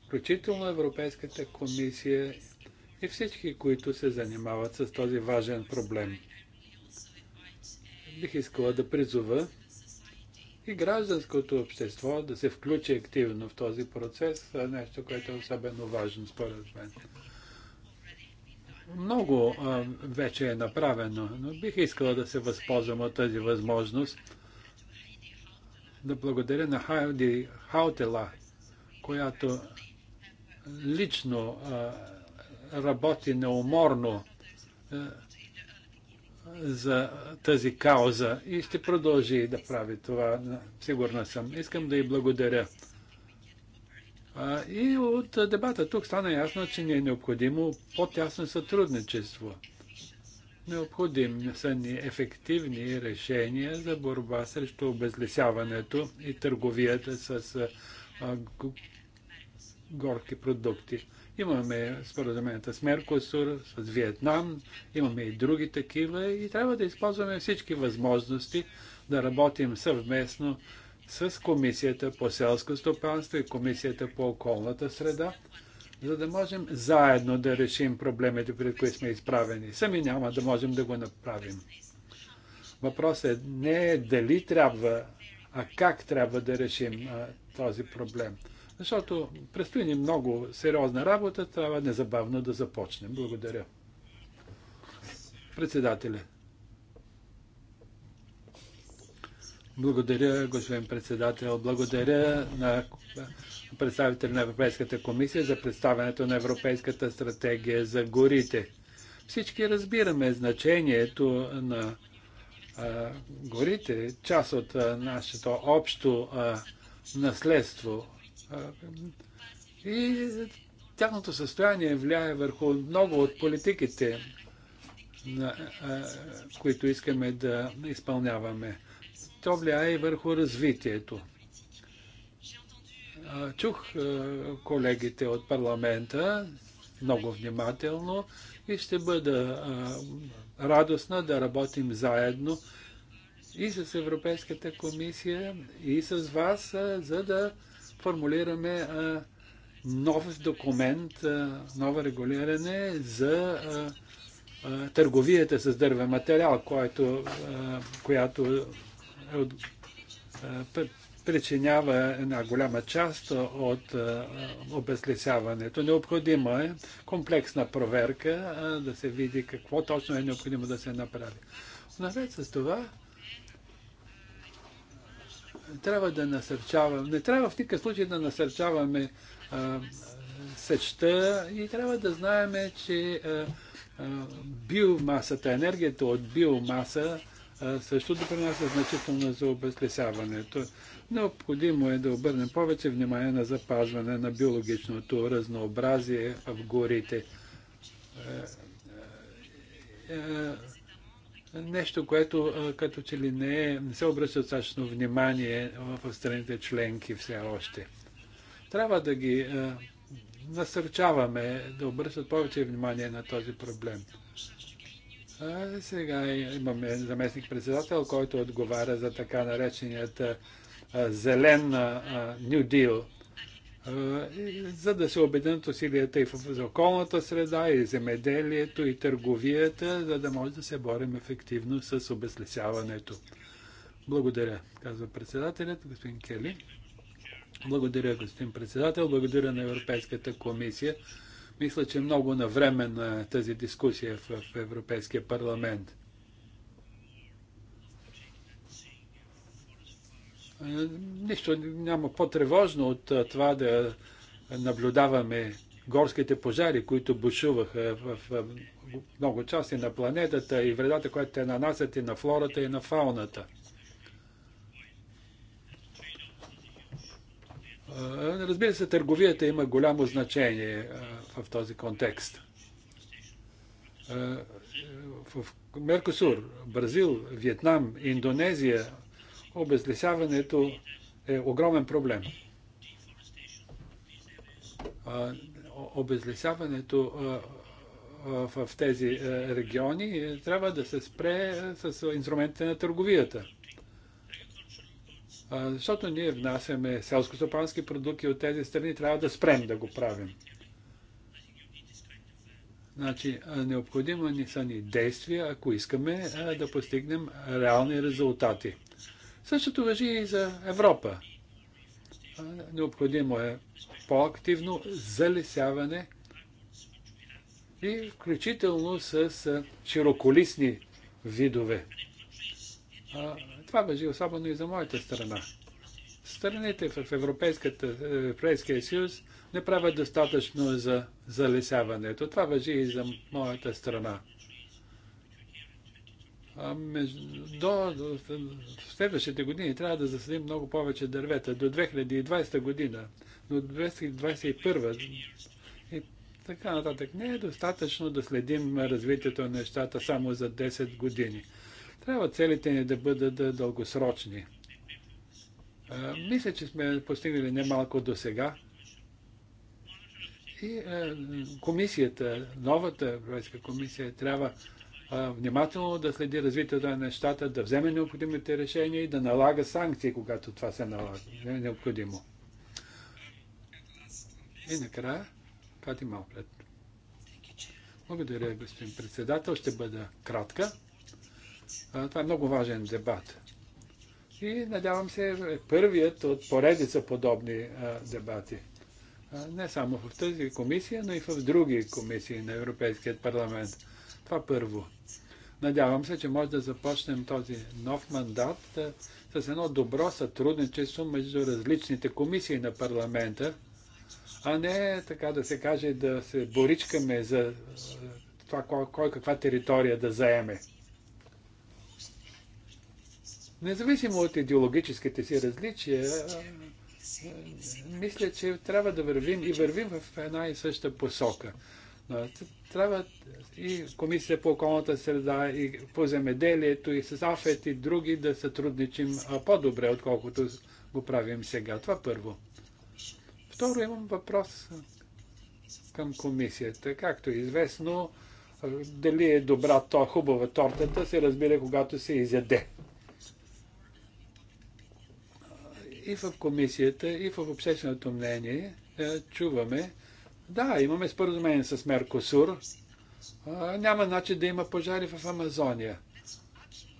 включително Европейската комисия и всички, които се занимават с този важен проблем. Бих искала да призова и гражданското общество да се включи активно в този процес, нещо, което е особено важно според мен. Много а, вече е направено, но бих искала да се възползвам от тази възможност да благодаря на Хайди Хаутела, която лично а, работи неуморно а, за тази кауза и ще продължи да прави това, сигурна съм. Искам да й благодаря. И от дебата тук стана ясно, че ни е необходимо по-тясно сътрудничество. Необходими са ни ефективни решения за борба срещу обезлесяването и търговията с горки продукти. Имаме споразумението с Меркосур, с Виетнам, имаме и други такива и трябва да използваме всички възможности да работим съвместно с Комисията по селско стопанство и Комисията по околната среда, за да можем заедно да решим проблемите, пред които сме изправени. Сами няма да можем да го направим. Въпросът е не е дали трябва, а как трябва да решим а, този проблем. Защото предстои ни много сериозна работа, трябва незабавно да започнем. Благодаря. Председателя. Благодаря, господин председател. Благодаря на представител на Европейската комисия за представянето на Европейската стратегия за горите. Всички разбираме значението на горите, част от нашето общо наследство. и тяхното състояние влияе върху много от политиките, които искаме да изпълняваме то влияе и върху развитието. Чух колегите от парламента много внимателно и ще бъда радостна да работим заедно и с Европейската комисия, и с вас, за да формулираме нов документ, ново регулиране за търговията с дървен материал, която, която е, причинява една голяма част от е, обезлесяването. Необходима е комплексна проверка, е, да се види какво точно е необходимо да се направи. Наред с това, трябва да насърчаваме, не трябва в никакъв случай да насърчаваме сечта и трябва да знаем, че биомасата, енергията от биомаса също допринася значително за обезлесяването. Необходимо е да обърнем повече внимание на запазване на биологичното разнообразие в горите. Е, е, е, нещо, което като че ли не, е, не се обръща достатъчно внимание в страните членки все още. Трябва да ги насърчаваме да обръщат повече внимание на този проблем сега имаме заместник-председател, който отговаря за така нареченият зелен New Deal, за да се обединят усилията и в, в околната среда, и земеделието, и търговията, за да може да се борим ефективно с обезлесяването. Благодаря, казва председателят, господин Кели. Благодаря, господин председател. Благодаря на Европейската комисия мисля, че много навременна е тази дискусия в Европейския парламент. Е, нищо няма по-тревожно от това да наблюдаваме горските пожари, които бушуваха в много части на планетата и вредата, която те нанасят и на флората, и на фауната. Е, разбира се, търговията има голямо значение. Е, в този контекст. В Меркосур, Бразил, Вьетнам, Индонезия обезлесяването е огромен проблем. Обезлесяването в тези региони трябва да се спре с инструментите на търговията. Защото ние внасяме селско-стопански продукти от тези страни, трябва да спрем да го правим. Значи, необходимо ни са ни действия, ако искаме да постигнем реални резултати. Същото въжи и за Европа. Необходимо е по-активно залесяване и включително с широколисни видове. Това въжи особено и за моята страна. Страните в Европейския съюз не правят достатъчно за залесяването. Това въжи и за моята страна. А между, до, до, в следващите години трябва да засадим много повече дървета. До 2020 година, до 2021 и така нататък. Не е достатъчно да следим развитието на нещата само за 10 години. Трябва целите ни да бъдат дългосрочни. А, мисля, че сме постигнали немалко до сега. И е, комисията, новата Европейска комисия трябва е, внимателно да следи развитието на нещата, да вземе необходимите решения и да налага санкции, когато това се налага, е необходимо. И накрая, Кати Малплет. Благодаря, господин председател. Ще бъда кратка. Това е много важен дебат. И надявам се, е първият от поредица подобни дебати не само в тази комисия, но и в други комисии на Европейският парламент. Това първо. Надявам се, че може да започнем този нов мандат с едно добро сътрудничество между различните комисии на парламента, а не така да се каже да се боричкаме за това кой каква територия да заеме. Независимо от идеологическите си различия, мисля, че трябва да вървим и вървим в една и съща посока. Трябва и Комисия по околната среда, и по земеделието, и с АФЕТ, и други да сътрудничим по-добре, отколкото го правим сега. Това първо. Второ, имам въпрос към комисията. Както е известно, дали е добра то, хубава тортата, се разбира, когато се изяде. и в комисията, и в общественото мнение е, чуваме, да, имаме споразумение с Меркосур, няма начин да има пожари в Амазония.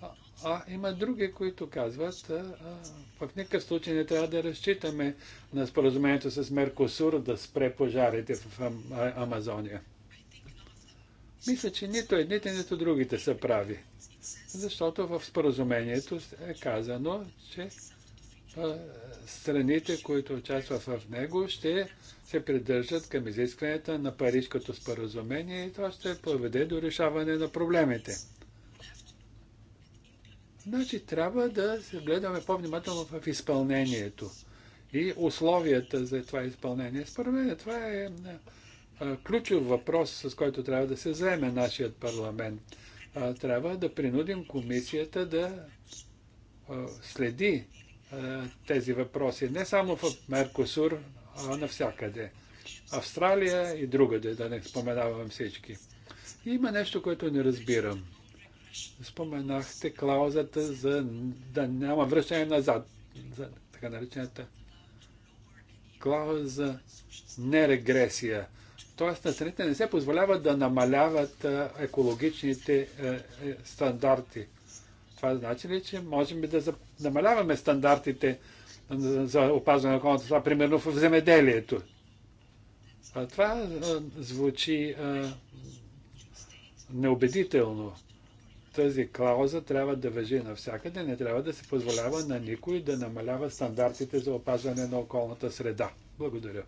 А, а има други, които казват, а, в никакъв случай не трябва да разчитаме на споразумението с Меркосур да спре пожарите в Амазония. Мисля, че нито едните, нито другите са прави. Защото в споразумението е казано, че страните, които участват в него, ще се придържат към изискванията на Парижкото споразумение и това ще поведе до решаване на проблемите. Значи трябва да се гледаме по-внимателно в изпълнението и условията за това изпълнение. Според мен това е, е ключов въпрос, с който трябва да се заеме нашият парламент. Трябва да принудим комисията да следи е, тези въпроси. Не само в Меркосур, а навсякъде. Австралия и другаде, да не споменавам всички. И има нещо, което не разбирам. Споменахте клаузата за да няма връщане назад. За така наречената клауза за нерегресия. Тоест на страните не се позволява да намаляват е, екологичните е, стандарти. Това значи ли, че можем да намаляваме стандартите за опазване на околната среда, примерно в земеделието. А това звучи а, неубедително. Тази клауза трябва да въжи навсякъде, не трябва да се позволява на никой да намалява стандартите за опазване на околната среда. Благодаря.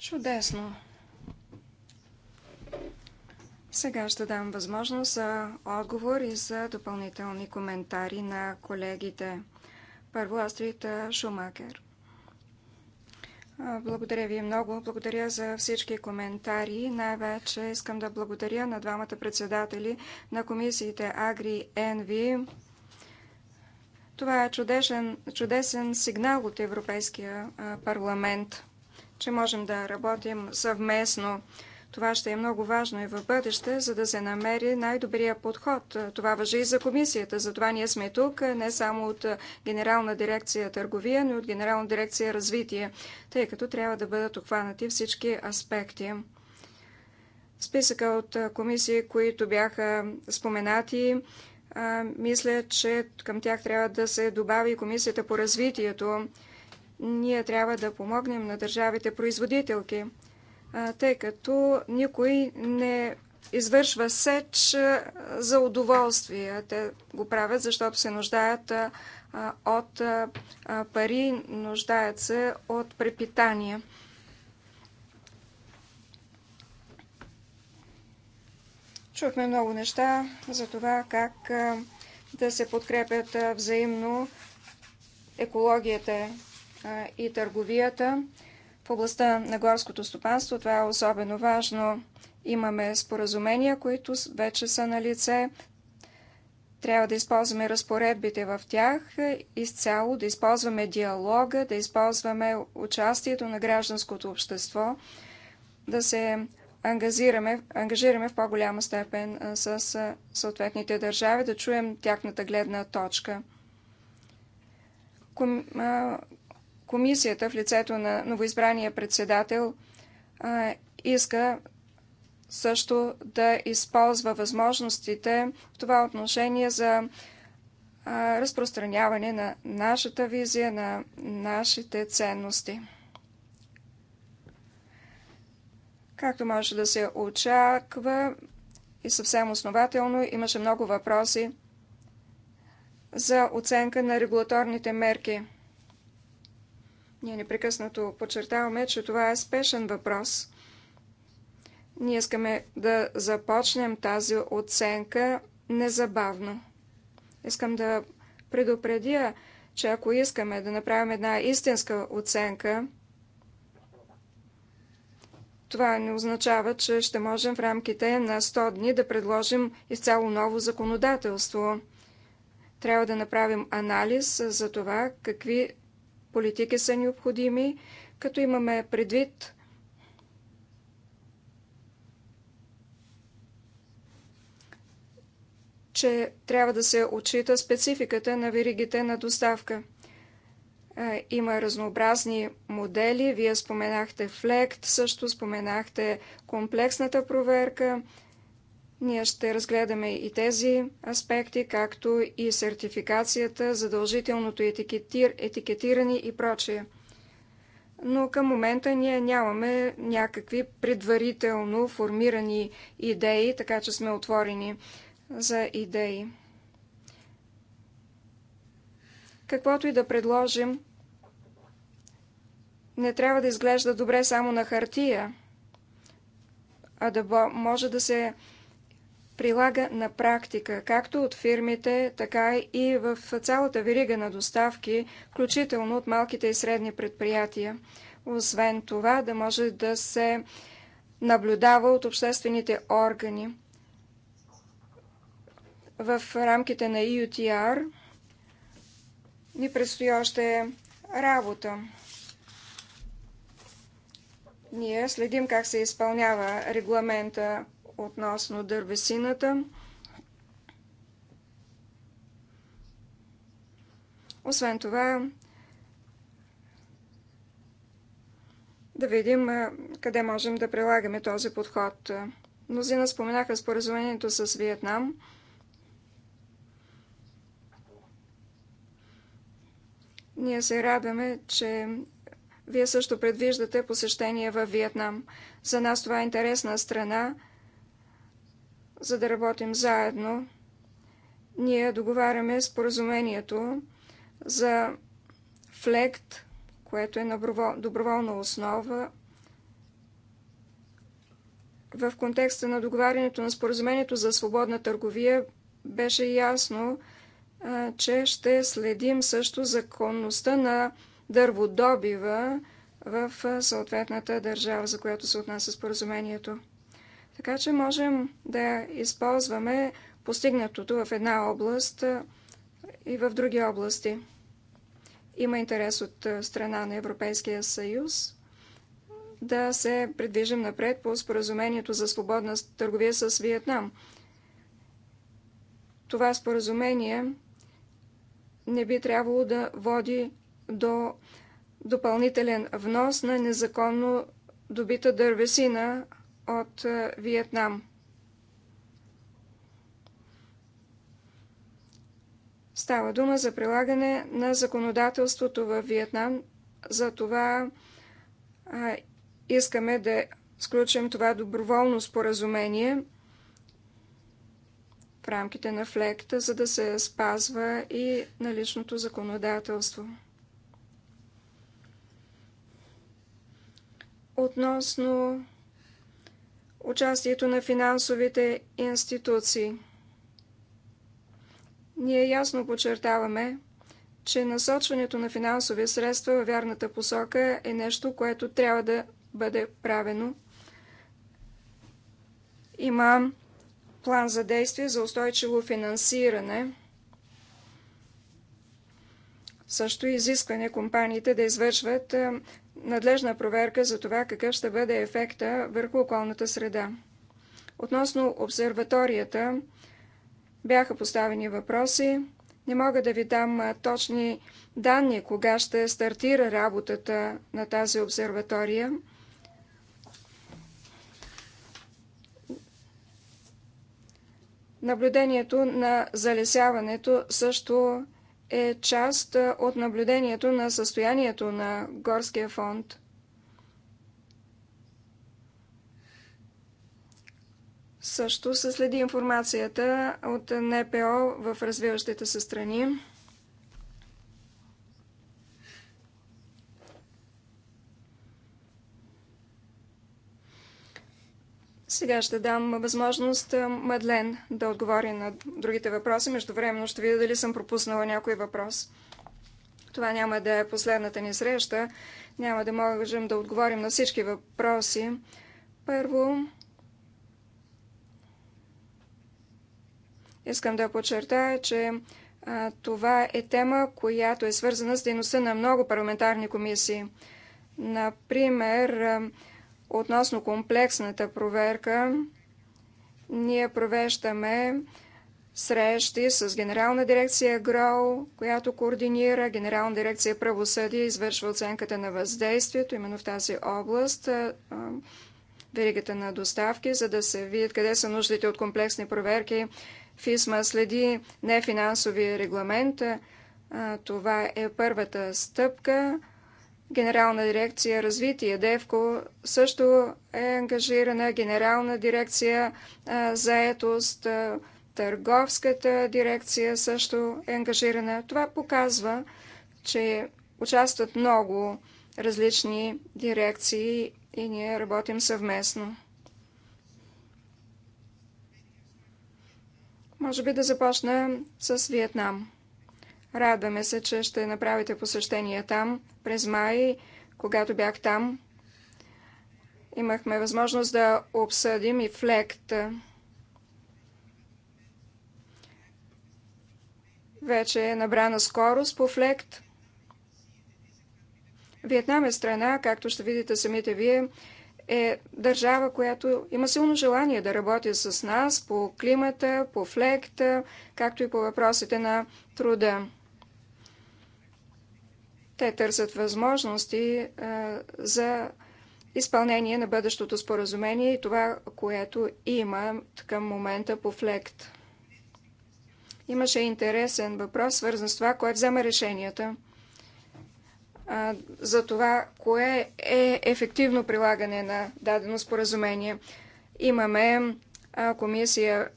Чудесно. Сега ще дам възможност за отговор и за допълнителни коментари на колегите. Първо Астрид Шумакер. Благодаря ви много. Благодаря за всички коментари. Най-вече искам да благодаря на двамата председатели на комисиите Агри Енви. Това е чудесен, чудесен сигнал от Европейския парламент, че можем да работим съвместно. Това ще е много важно и в бъдеще, за да се намери най-добрия подход. Това въжи и за комисията. Затова ние сме тук, не само от Генерална дирекция търговия, но и от Генерална дирекция развитие, тъй като трябва да бъдат обхванати всички аспекти. Списъка от комисии, които бяха споменати, мисля, че към тях трябва да се добави комисията по развитието. Ние трябва да помогнем на държавите производителки тъй като никой не извършва сеч за удоволствие. Те го правят, защото се нуждаят от пари, нуждаят се от препитание. Чухме много неща за това как да се подкрепят взаимно екологията и търговията. В областта на горското стопанство това е особено важно. Имаме споразумения, които вече са на лице. Трябва да използваме разпоредбите в тях изцяло, да използваме диалога, да използваме участието на гражданското общество, да се ангажираме, ангажираме в по-голяма степен с съответните държави, да чуем тяхната гледна точка Комисията в лицето на новоизбрания председател иска също да използва възможностите в това отношение за разпространяване на нашата визия, на нашите ценности. Както може да се очаква и съвсем основателно, имаше много въпроси за оценка на регулаторните мерки – ние непрекъснато подчертаваме, че това е спешен въпрос. Ние искаме да започнем тази оценка незабавно. Искам да предупредя, че ако искаме да направим една истинска оценка, това не означава, че ще можем в рамките на 100 дни да предложим изцяло ново законодателство. Трябва да направим анализ за това какви политики са необходими, като имаме предвид че трябва да се отчита спецификата на веригите на доставка. Има разнообразни модели. Вие споменахте ФЛЕКТ, също споменахте комплексната проверка, ние ще разгледаме и тези аспекти, както и сертификацията, задължителното етикетир, етикетиране и прочее. Но към момента ние нямаме някакви предварително формирани идеи, така че сме отворени за идеи. Каквото и да предложим, не трябва да изглежда добре само на хартия, а да може да се прилага на практика, както от фирмите, така и в цялата верига на доставки, включително от малките и средни предприятия. Освен това, да може да се наблюдава от обществените органи. В рамките на EUTR ни предстои още работа. Ние следим как се изпълнява регламента относно дървесината. Освен това, да видим къде можем да прилагаме този подход. Мнозина споменаха споразумението с Виетнам. Ние се радваме, че вие също предвиждате посещение в Виетнам. За нас това е интересна страна – за да работим заедно. Ние договаряме споразумението за флект, което е на доброволна основа. В контекста на договарянето на споразумението за свободна търговия беше ясно, че ще следим също законността на дърводобива в съответната държава, за която се отнася споразумението. Така че можем да използваме постигнатото в една област и в други области. Има интерес от страна на Европейския съюз да се предвижим напред по споразумението за свободна търговия с Виетнам. Това споразумение не би трябвало да води до допълнителен внос на незаконно добита дървесина от е, Виетнам. Става дума за прилагане на законодателството в Виетнам. За това а, искаме да сключим това доброволно споразумение в рамките на флекта, за да се спазва и наличното законодателство. Относно участието на финансовите институции. Ние ясно подчертаваме, че насочването на финансови средства във вярната посока е нещо, което трябва да бъде правено. Има план за действие за устойчиво финансиране. Също изискване компаниите да извършват надлежна проверка за това какъв ще бъде ефекта върху околната среда. Относно обсерваторията бяха поставени въпроси. Не мога да ви дам точни данни кога ще стартира работата на тази обсерватория. Наблюдението на залесяването също е е част от наблюдението на състоянието на горския фонд. Също се следи информацията от НПО в развиващите се страни. Сега ще дам възможност Мадлен да отговори на другите въпроси. Междувременно ще видя дали съм пропуснала някой въпрос. Това няма да е последната ни среща. Няма да можем да отговорим на всички въпроси. Първо, искам да подчертая, че а, това е тема, която е свързана с дейността на много парламентарни комисии. Например, а, Относно комплексната проверка, ние провеждаме срещи с Генерална дирекция ГРОУ, която координира. Генерална дирекция Правосъдие извършва оценката на въздействието именно в тази област, веригата на доставки, за да се видят къде са нуждите от комплексни проверки. ФИСМА следи нефинансовия регламент. Това е първата стъпка Генерална дирекция развитие ДЕВКО също е ангажирана, Генерална дирекция заетост, Търговската дирекция също е ангажирана. Това показва, че участват много различни дирекции и ние работим съвместно. Може би да започна с Виетнам. Радваме се, че ще направите посещение там през май, когато бях там. Имахме възможност да обсъдим и флект. Вече е набрана скорост по флект. Виетнам е страна, както ще видите самите вие, е държава, която има силно желание да работи с нас по климата, по флекта, както и по въпросите на труда. Те търсят възможности а, е, за изпълнение на бъдещото споразумение и това, което има към момента по флект. Имаше интересен въпрос, свързан с това, кое взема решенията е, за това, кое е ефективно прилагане на дадено споразумение. Имаме комисия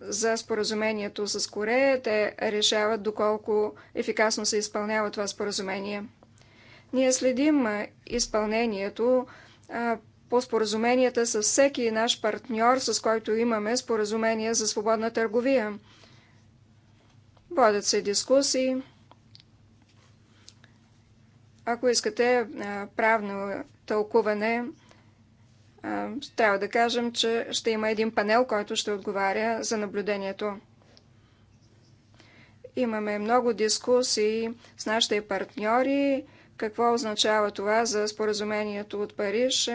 за споразумението с Корея. Те решават доколко ефикасно се изпълнява това споразумение. Ние следим изпълнението по споразуменията с всеки наш партньор, с който имаме споразумение за свободна търговия. Водят се дискусии. Ако искате правно тълкуване трябва да кажем, че ще има един панел, който ще отговаря за наблюдението. Имаме много дискусии с нашите партньори, какво означава това за споразумението от Париж.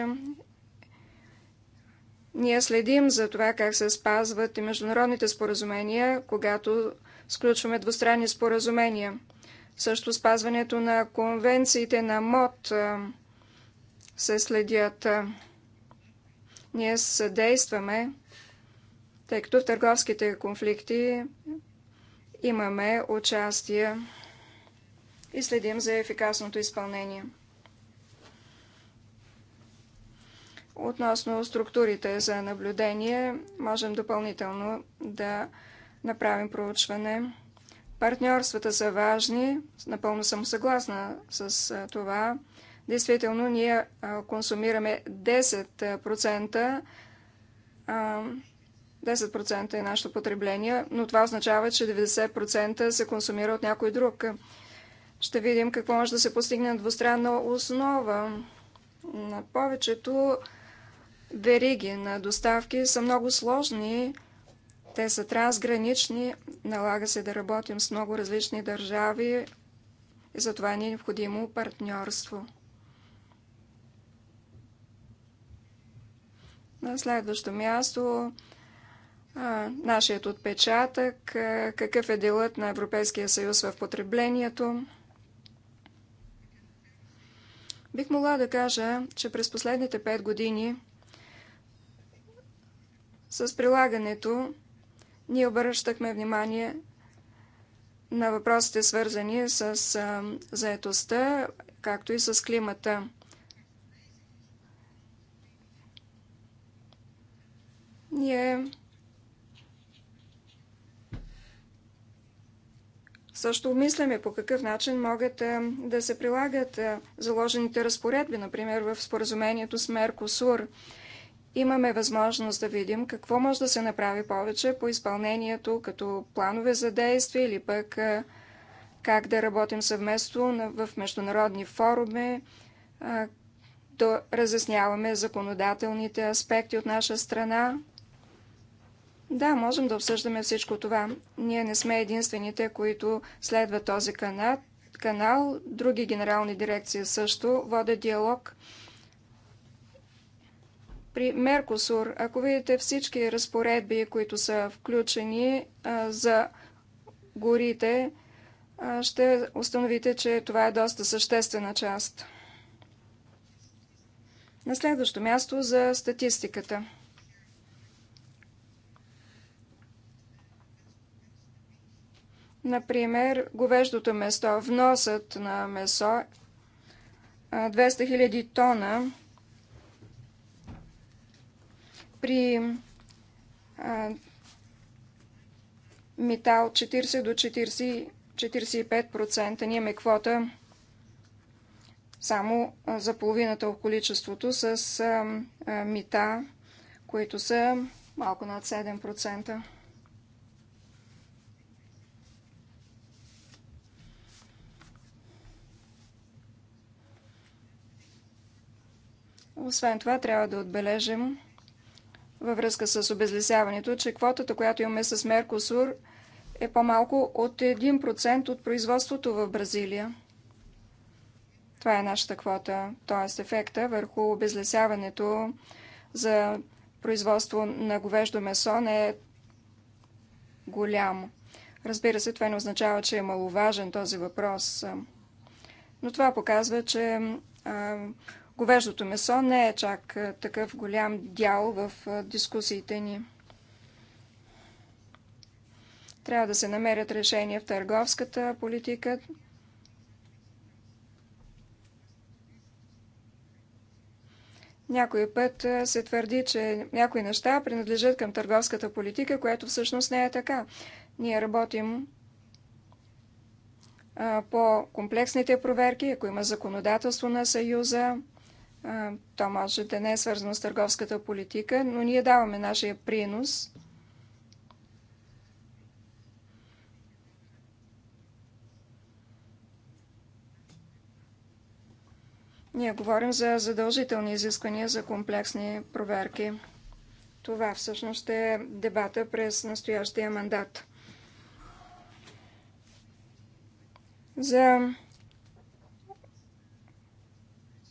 Ние следим за това как се спазват и международните споразумения, когато сключваме двустранни споразумения. Също спазването на конвенциите на МОД се следят. Ние съдействаме, тъй като в търговските конфликти имаме участие и следим за ефикасното изпълнение. Относно структурите за наблюдение, можем допълнително да направим проучване. Партньорствата са важни, напълно съм съгласна с това. Действително, ние консумираме 10%, 10% е нашето потребление, но това означава, че 90% се консумира от някой друг. Ще видим какво може да се постигне на двустранна основа. На повечето вериги на доставки са много сложни. Те са трансгранични. Налага се да работим с много различни държави и затова ни е необходимо партньорство. На следващо място нашият отпечатък, какъв е делът на Европейския съюз в потреблението. Бих могла да кажа, че през последните пет години с прилагането ние обръщахме внимание на въпросите свързани с заетостта, както и с климата. Ние също мисляме по какъв начин могат да се прилагат заложените разпоредби, например в споразумението с Меркосур. Имаме възможност да видим какво може да се направи повече по изпълнението, като планове за действие или пък как да работим съвместно в международни форуми, да разясняваме законодателните аспекти от наша страна, да, можем да обсъждаме всичко това. Ние не сме единствените, които следват този канал. канал. Други генерални дирекции също водят диалог. При Меркосур, ако видите всички разпоредби, които са включени а, за горите, а, ще установите, че това е доста съществена част. На следващо място за статистиката. Например, говеждото место, вносът на месо 200 000 тона при а, метал 40 до 40, 45%. Ние имаме квота само за половината от количеството с а, а, мита, които са малко над 7%. Освен това, трябва да отбележим във връзка с обезлесяването, че квотата, която имаме с Меркосур, е по-малко от 1% от производството в Бразилия. Това е нашата квота, т.е. ефекта върху обезлесяването за производство на говеждо месо не е голямо. Разбира се, това не означава, че е маловажен този въпрос. Но това показва, че Говеждото месо не е чак такъв голям дял в дискусиите ни. Трябва да се намерят решения в търговската политика. Някой път се твърди, че някои неща принадлежат към търговската политика, което всъщност не е така. Ние работим по комплексните проверки, ако има законодателство на Съюза, то може да не е свързано с търговската политика, но ние даваме нашия принос. Ние говорим за задължителни изисквания за комплексни проверки. Това всъщност е дебата през настоящия мандат. За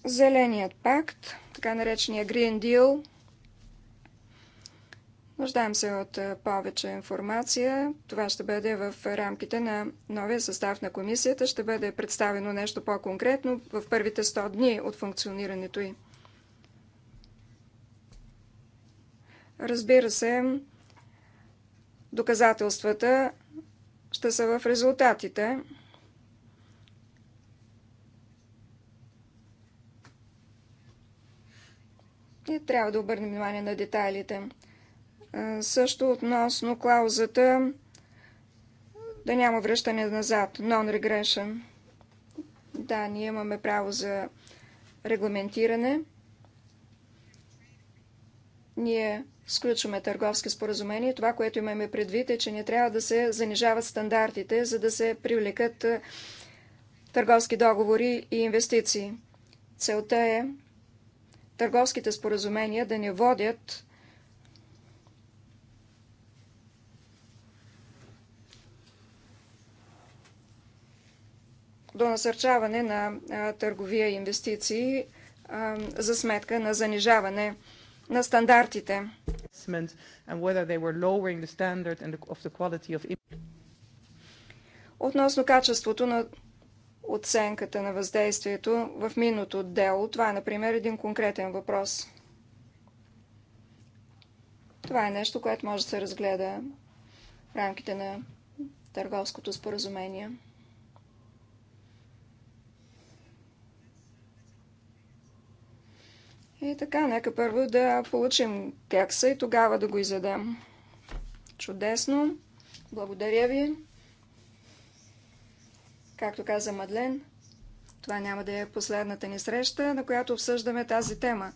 Зеленият пакт, така наречения Green Deal, нуждаем се от повече информация. Това ще бъде в рамките на новия състав на комисията. Ще бъде представено нещо по-конкретно в първите 100 дни от функционирането й. Разбира се, доказателствата ще са в резултатите. Ние трябва да обърнем внимание на детайлите. Също относно клаузата да няма връщане назад, non-regression. Да, ние имаме право за регламентиране. Ние сключваме търговски споразумения. Това, което имаме предвид е, че не трябва да се занижават стандартите, за да се привлекат търговски договори и инвестиции. Целта е търговските споразумения да не водят до насърчаване на търговия и инвестиции за сметка на занижаване на стандартите. Относно качеството на оценката на въздействието в миното дело. Това е, например, един конкретен въпрос. Това е нещо, което може да се разгледа в рамките на търговското споразумение. И така, нека първо да получим кекса и тогава да го изядем. Чудесно! Благодаря ви! Както каза Мадлен, това няма да е последната ни среща, на която обсъждаме тази тема.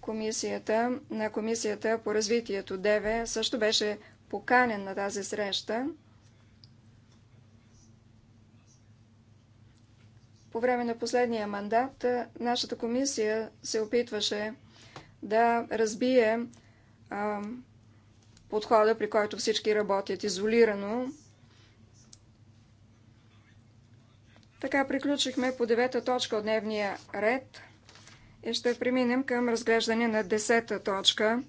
Комисията на Комисията по развитието ДВ също беше поканен на тази среща. По време на последния мандат нашата комисия се опитваше да разбие а, подхода, при който всички работят изолирано Така приключихме по девета точка от дневния ред и ще преминем към разглеждане на десета точка.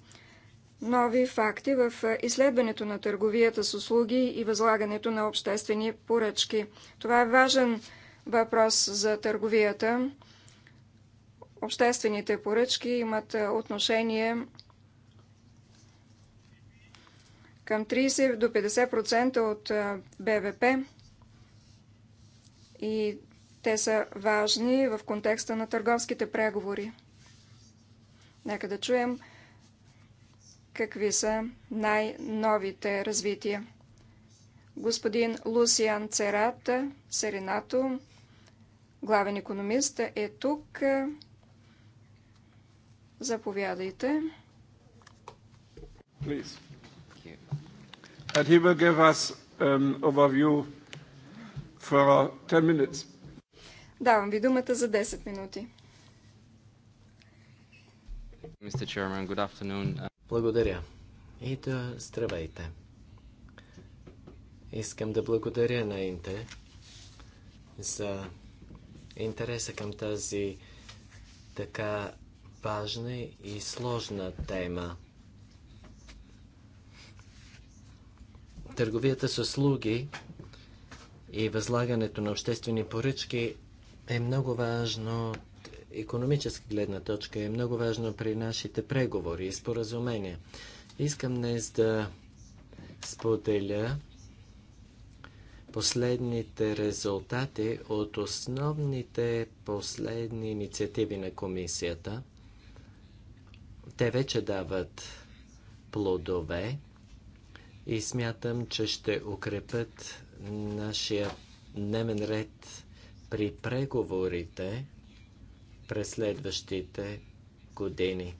Нови факти в изследването на търговията с услуги и възлагането на обществени поръчки. Това е важен въпрос за търговията. Обществените поръчки имат отношение към 30 до 50% от БВП и те са важни в контекста на търговските преговори. Нека да чуем какви са най-новите развития. Господин Лусиан Церат, Серенато, главен економист, е тук. Заповядайте. Please. And he will give us an um, overview for 10 minutes. Давам ви думата за 10 минути. Mr. Chairman, good afternoon. Благодаря. И да здравейте. Искам да благодаря на Инте за интереса към тази така важна и сложна тема. Търговията с услуги и възлагането на обществени поръчки е много важно от економическа гледна точка, е много важно при нашите преговори и споразумения. Искам днес да споделя последните резултати от основните последни инициативи на комисията. Те вече дават плодове и смятам, че ще укрепят нашия дневен ред при преговорите през следващите години.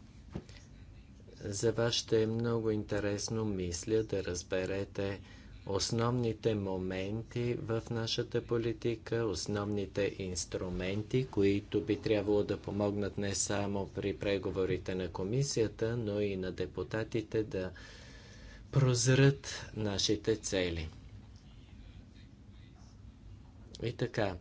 За вас ще е много интересно, мисля, да разберете основните моменти в нашата политика, основните инструменти, които би трябвало да помогнат не само при преговорите на комисията, но и на депутатите да прозрат нашите цели. И така,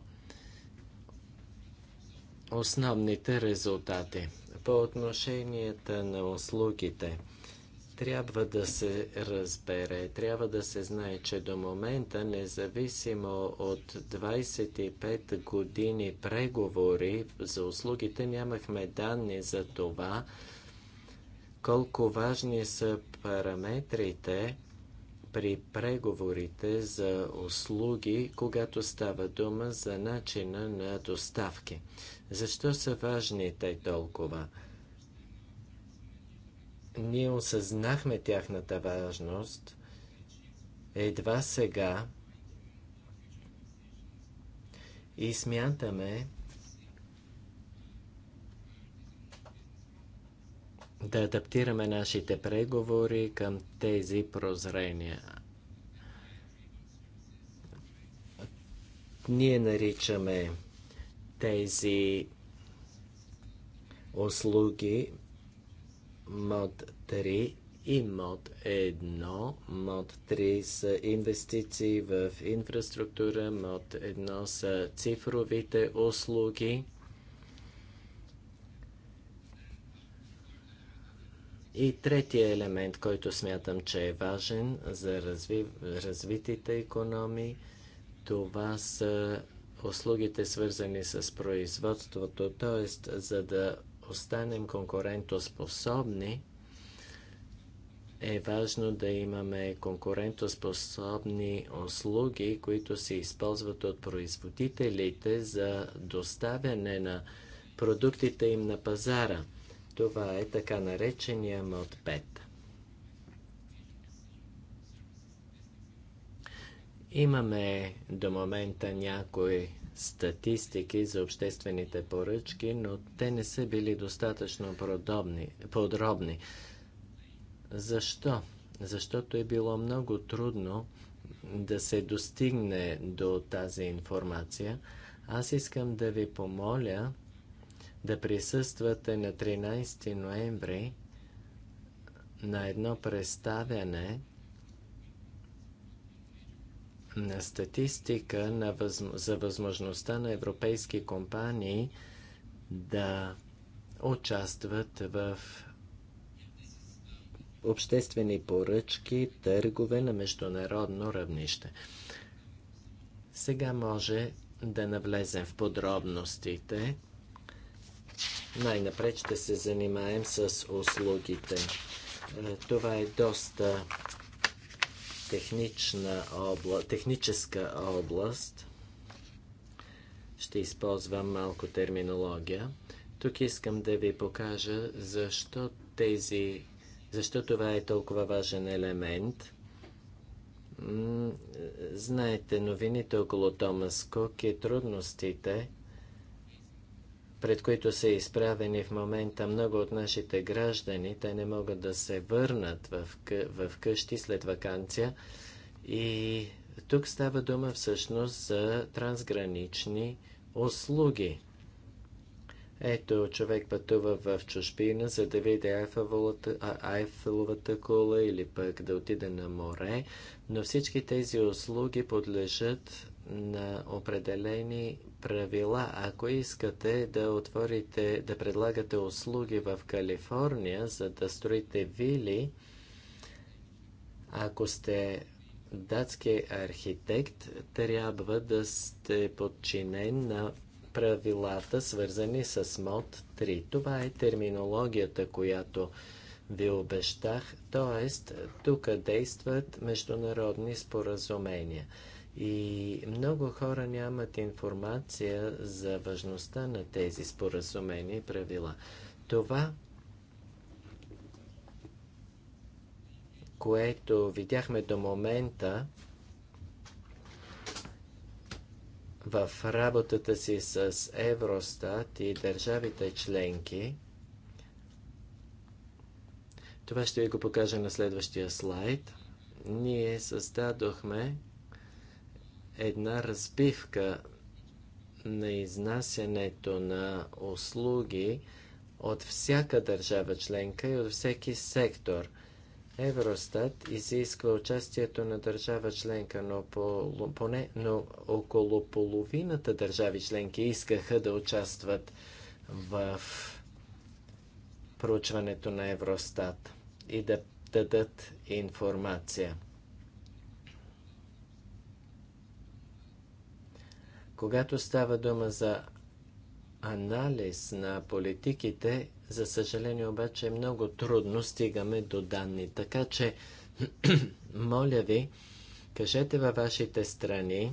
основните резултати. По отношенията на услугите, трябва да се разбере, трябва да се знае, че до момента, независимо от 25 години преговори за услугите, нямахме данни за това колко важни са параметрите, при преговорите за услуги, когато става дума за начина на доставки. Защо са важни те толкова? Ние осъзнахме тяхната важност едва сега и смятаме, да адаптираме нашите преговори към тези прозрения. Ние наричаме тези услуги мод 3 и мод 1. Мод 3 са инвестиции в инфраструктура, мод 1 са цифровите услуги. И третия елемент, който смятам, че е важен за разви... развитите економии, това са услугите свързани с производството, т.е. за да останем конкурентоспособни, е важно да имаме конкурентоспособни услуги, които се използват от производителите за доставяне на продуктите им на пазара – това е така наречения мод 5. Имаме до момента някои статистики за обществените поръчки, но те не са били достатъчно подробни. подробни. Защо? Защото е било много трудно да се достигне до тази информация. Аз искам да ви помоля да присъствате на 13 ноември на едно представяне на статистика на възм... за възможността на европейски компании да участват в обществени поръчки, търгове на международно равнище. Сега може да навлезем в подробностите най-напред ще се занимаем с услугите. Е, това е доста технична обла... техническа област. Ще използвам малко терминология. Тук искам да ви покажа защо тези защо това е толкова важен елемент? Знаете новините около Томас Кук и трудностите пред които са изправени в момента много от нашите граждани. Те не могат да се върнат в, къщи след вакансия. И тук става дума всъщност за трансгранични услуги. Ето, човек пътува в чужбина, за да види Айфеловата кула или пък да отиде на море, но всички тези услуги подлежат на определени правила. Ако искате да отворите, да предлагате услуги в Калифорния, за да строите вили, ако сте датски архитект, трябва да сте подчинен на правилата, свързани с МОД 3. Това е терминологията, която ви обещах, т.е. тук действат международни споразумения. И много хора нямат информация за важността на тези споразумени правила. Това, което видяхме до момента в работата си с Евростат и държавите членки, това ще ви го покажа на следващия слайд. Ние създадохме една разбивка на изнасянето на услуги от всяка държава членка и от всеки сектор. Евростат изисква участието на държава членка, но, по, поне, но около половината държави членки искаха да участват в проучването на Евростат и да дадат информация. Когато става дума за анализ на политиките, за съжаление обаче е много трудно стигаме до данни. Така че, моля ви, кажете във вашите страни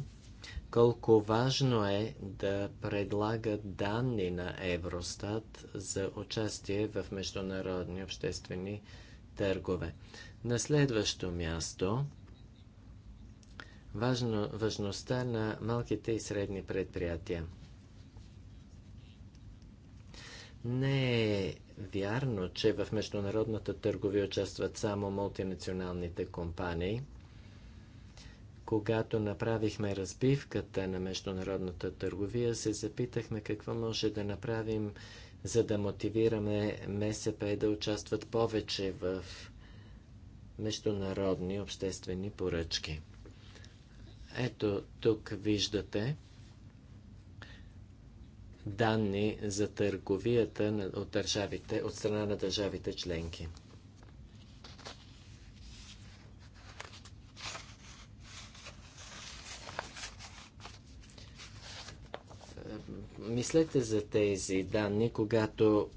колко важно е да предлагат данни на Евростат за участие в международни обществени търгове. На следващо място важно, важността на малките и средни предприятия. Не е вярно, че в международната търговия участват само мултинационалните компании. Когато направихме разбивката на международната търговия, се запитахме какво може да направим, за да мотивираме МСП да участват повече в международни обществени поръчки. Ето тук виждате данни за търговията от, държавите, от страна на държавите членки. Мислете за тези данни, когато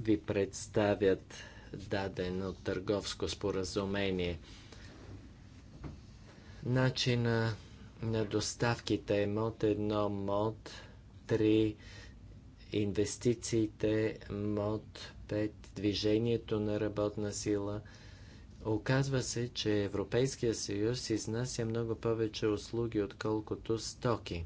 ви представят дадено търговско споразумение. Начина на доставките е МОД 1, МОД 3, инвестициите МОД 5, движението на работна сила. Оказва се, че Европейския съюз изнася много повече услуги, отколкото стоки.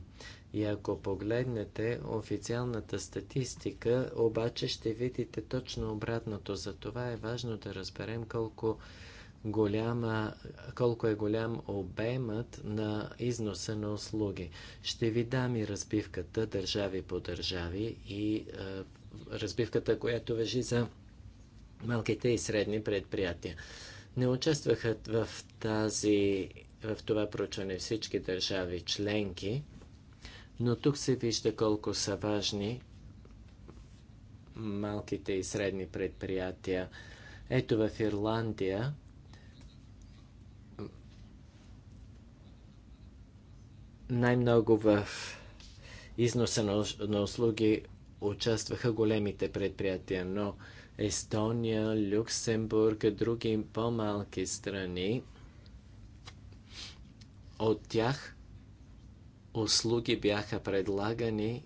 И ако погледнете официалната статистика, обаче ще видите точно обратното. За това е важно да разберем колко голяма, колко е голям обемът на износа на услуги. Ще ви дам и разбивката държави по държави и е, разбивката, която въжи за малките и средни предприятия. Не участваха в, тази, в това проучване всички държави членки, но тук се вижда колко са важни малките и средни предприятия. Ето в Ирландия най-много в износа на, на услуги участваха големите предприятия, но Естония, Люксембург, други по-малки страни, от тях услуги бяха предлагани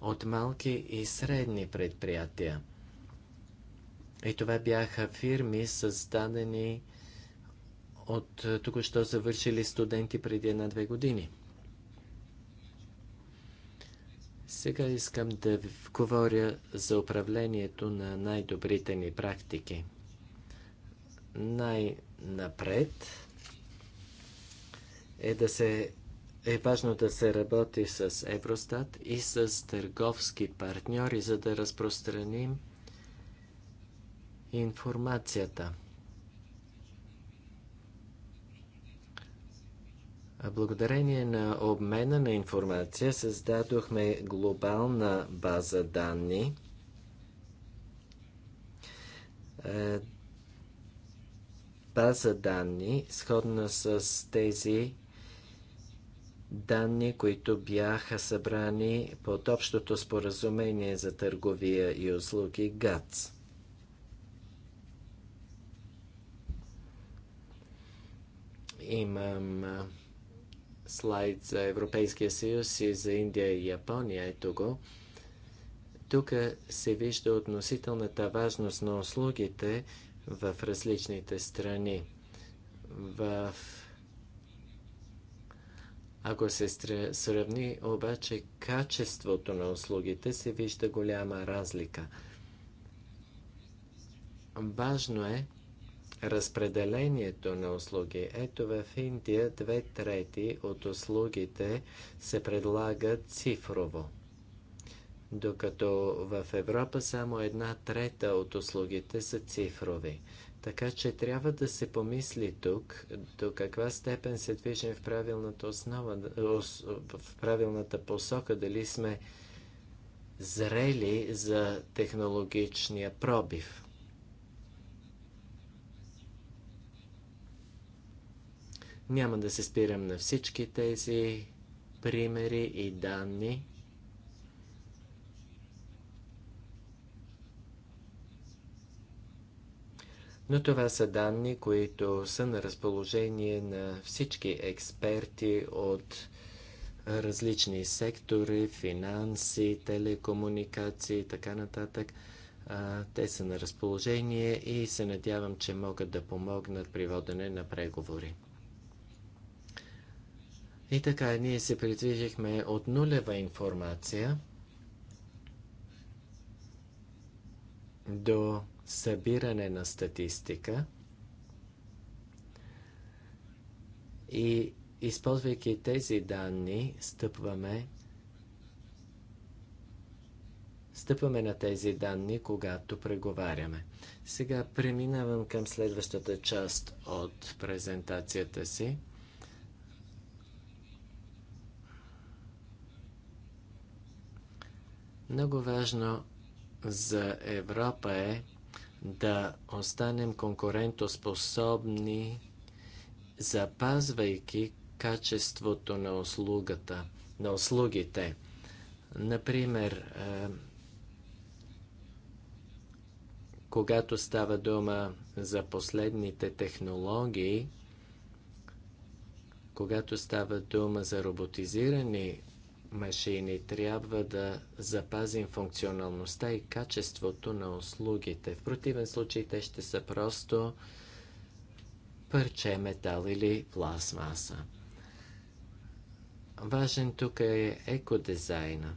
от малки и средни предприятия. И това бяха фирми, създадени от току-що завършили студенти преди една-две години. Сега искам да говоря за управлението на най-добрите ни практики. Най-напред е да се е важно да се работи с Евростат и с търговски партньори, за да разпространим информацията. Благодарение на обмена на информация създадохме глобална база данни. Е, база данни, сходна с тези данни, които бяха събрани под общото споразумение за търговия и услуги ГАЦ. Имам слайд за Европейския съюз и за Индия и Япония. Ето го. Тук се вижда относителната важност на услугите в различните страни. В... Ако се сравни обаче качеството на услугите, се вижда голяма разлика. Важно е разпределението на услуги. Ето в Индия две трети от услугите се предлагат цифрово, докато в Европа само една трета от услугите са цифрови. Така че трябва да се помисли тук до каква степен се движим в правилната основа, в правилната посока, дали сме зрели за технологичния пробив. Няма да се спирам на всички тези примери и данни. Но това са данни, които са на разположение на всички експерти от различни сектори, финанси, телекомуникации и така нататък. Те са на разположение и се надявам, че могат да помогнат при водене на преговори. И така, ние се придвижихме от нулева информация до събиране на статистика и използвайки тези данни, стъпваме стъпваме на тези данни, когато преговаряме. Сега преминавам към следващата част от презентацията си. Много важно за Европа е да останем конкурентоспособни, запазвайки качеството на услугата, на услугите. Например, е, когато става дума за последните технологии, когато става дума за роботизирани машини. Трябва да запазим функционалността и качеството на услугите. В противен случай те ще са просто парче метал или пластмаса. Важен тук е екодизайна.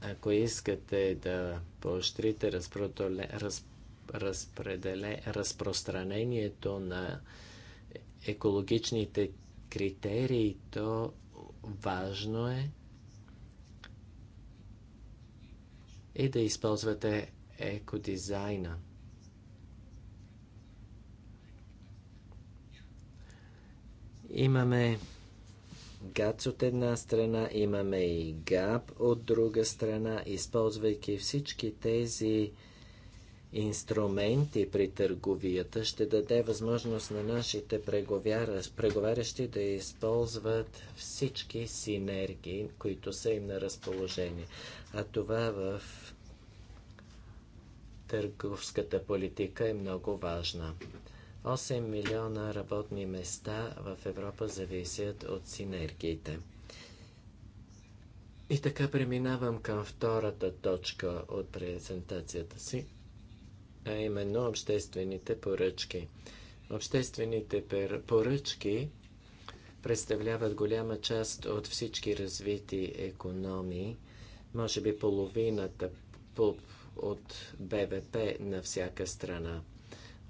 Ако искате да поощрите разпротоле, разпределе, разпространението на екологичните критерии, то Важно е и да използвате екодизайна. Имаме ГАЦ от една страна, имаме и ГАП от друга страна, използвайки всички тези инструменти при търговията ще даде възможност на нашите преговарящи да използват всички синергии, които са им на разположение. А това в търговската политика е много важна. 8 милиона работни места в Европа зависят от синергиите. И така преминавам към втората точка от презентацията си – а именно обществените поръчки. Обществените поръчки представляват голяма част от всички развити економии, може би половината от БВП на всяка страна.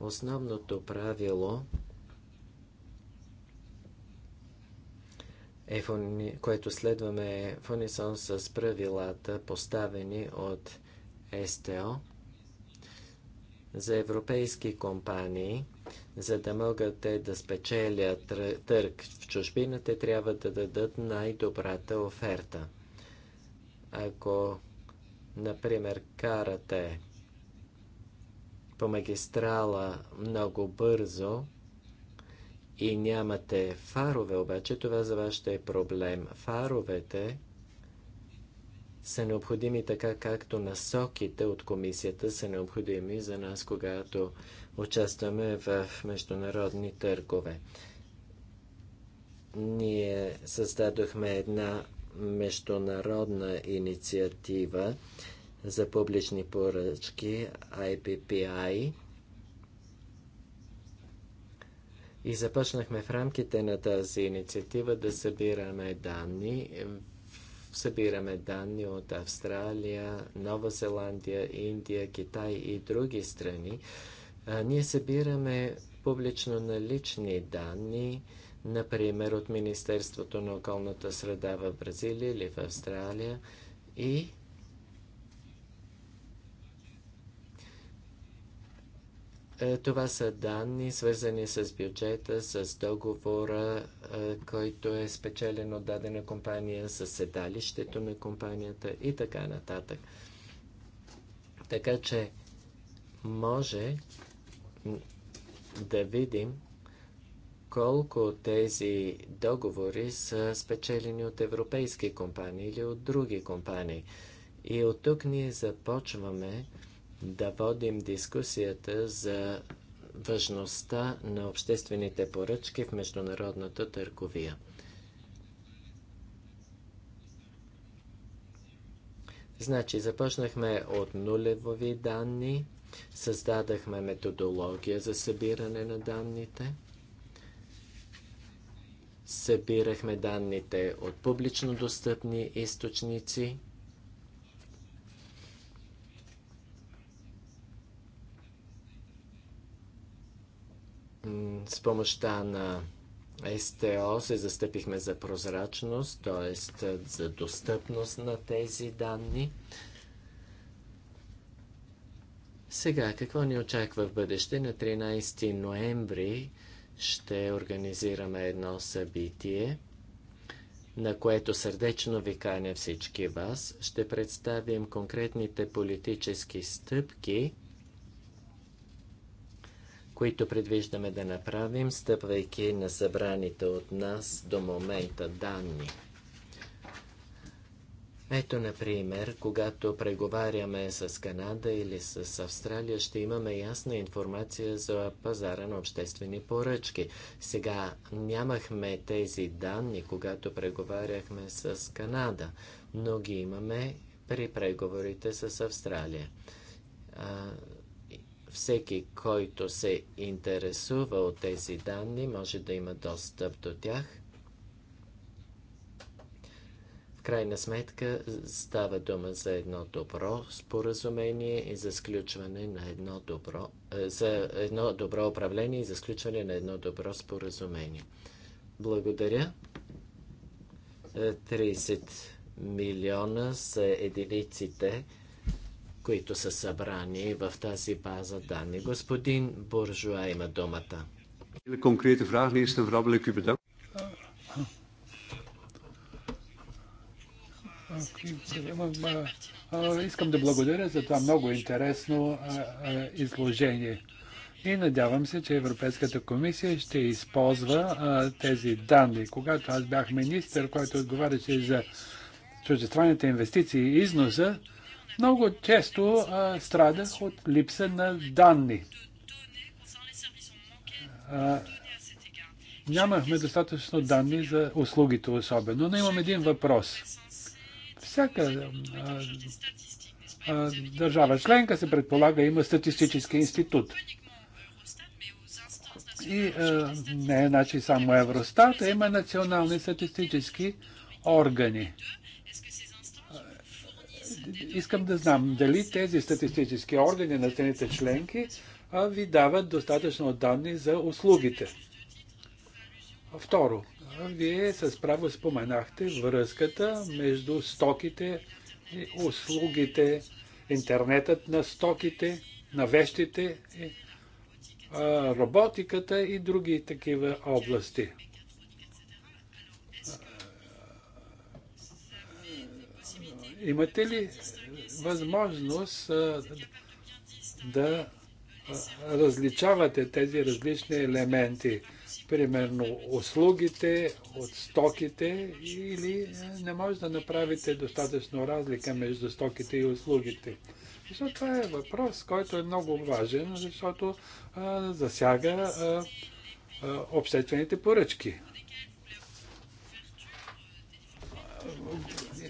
Основното правило е, което следваме е в унисон с правилата, поставени от СТО – за европейски компании, за да могат те да спечелят търг в чужбина, те трябва да дадат най-добрата оферта. Ако, например, карате по магистрала много бързо и нямате фарове, обаче това за вас ще е проблем. Фаровете са необходими така, както насоките от комисията са необходими за нас, когато участваме в международни търгове. Ние създадохме една международна инициатива за публични поръчки IPPI и започнахме в рамките на тази инициатива да събираме данни събираме данни от Австралия, Нова Зеландия, Индия, Китай и други страни. А, ние събираме публично налични данни, например от Министерството на околната среда в Бразилия или в Австралия и Е, това са данни, свързани с бюджета, с договора, е, който е спечелен от дадена компания, с седалището на компанията и така нататък. Така че може да видим колко от тези договори са спечелени от европейски компании или от други компании. И от тук ние започваме да водим дискусията за важността на обществените поръчки в международната търговия. Значи, започнахме от нулеви данни, създадахме методология за събиране на данните, събирахме данните от публично достъпни източници – с помощта на СТО се застъпихме за прозрачност, т.е. за достъпност на тези данни. Сега, какво ни очаква в бъдеще? На 13 ноември ще организираме едно събитие, на което сърдечно ви каня всички вас. Ще представим конкретните политически стъпки, които предвиждаме да направим, стъпвайки на събраните от нас до момента данни. Ето, например, когато преговаряме с Канада или с Австралия, ще имаме ясна информация за пазара на обществени поръчки. Сега нямахме тези данни, когато преговаряхме с Канада, но ги имаме при преговорите с Австралия. Всеки, който се интересува от тези данни, може да има достъп до тях. В крайна сметка става дума за едно добро споразумение и за сключване на едно добро, е, за едно добро управление и за сключване на едно добро споразумение. Благодаря. 30 е, милиона са единиците които са събрани в тази база данни. Господин Буржуа има думата. Конкретна vraag. Eerst сте vooral wil е, Искам да благодаря за това много интересно е, е, изложение. И надявам се, че Европейската комисия ще използва а, тези данни. Когато аз бях министър, който отговаряше за чуждестранните инвестиции и износа, много често а, страдах от липса на данни. А, нямахме достатъчно данни за услугите особено, но имам един въпрос. Всяка а, а, държава членка се предполага има статистически институт. И а, не е значи само Евростат, а има национални статистически органи искам да знам дали тези статистически органи на страните членки ви дават достатъчно данни за услугите. Второ, вие с право споменахте връзката между стоките и услугите, интернетът на стоките, на вещите, роботиката и други такива области. Имате ли възможност да различавате тези различни елементи? Примерно услугите от стоките или не може да направите достатъчно разлика между стоките и услугите? Защото това е въпрос, който е много важен, защото а, засяга а, а, обществените поръчки.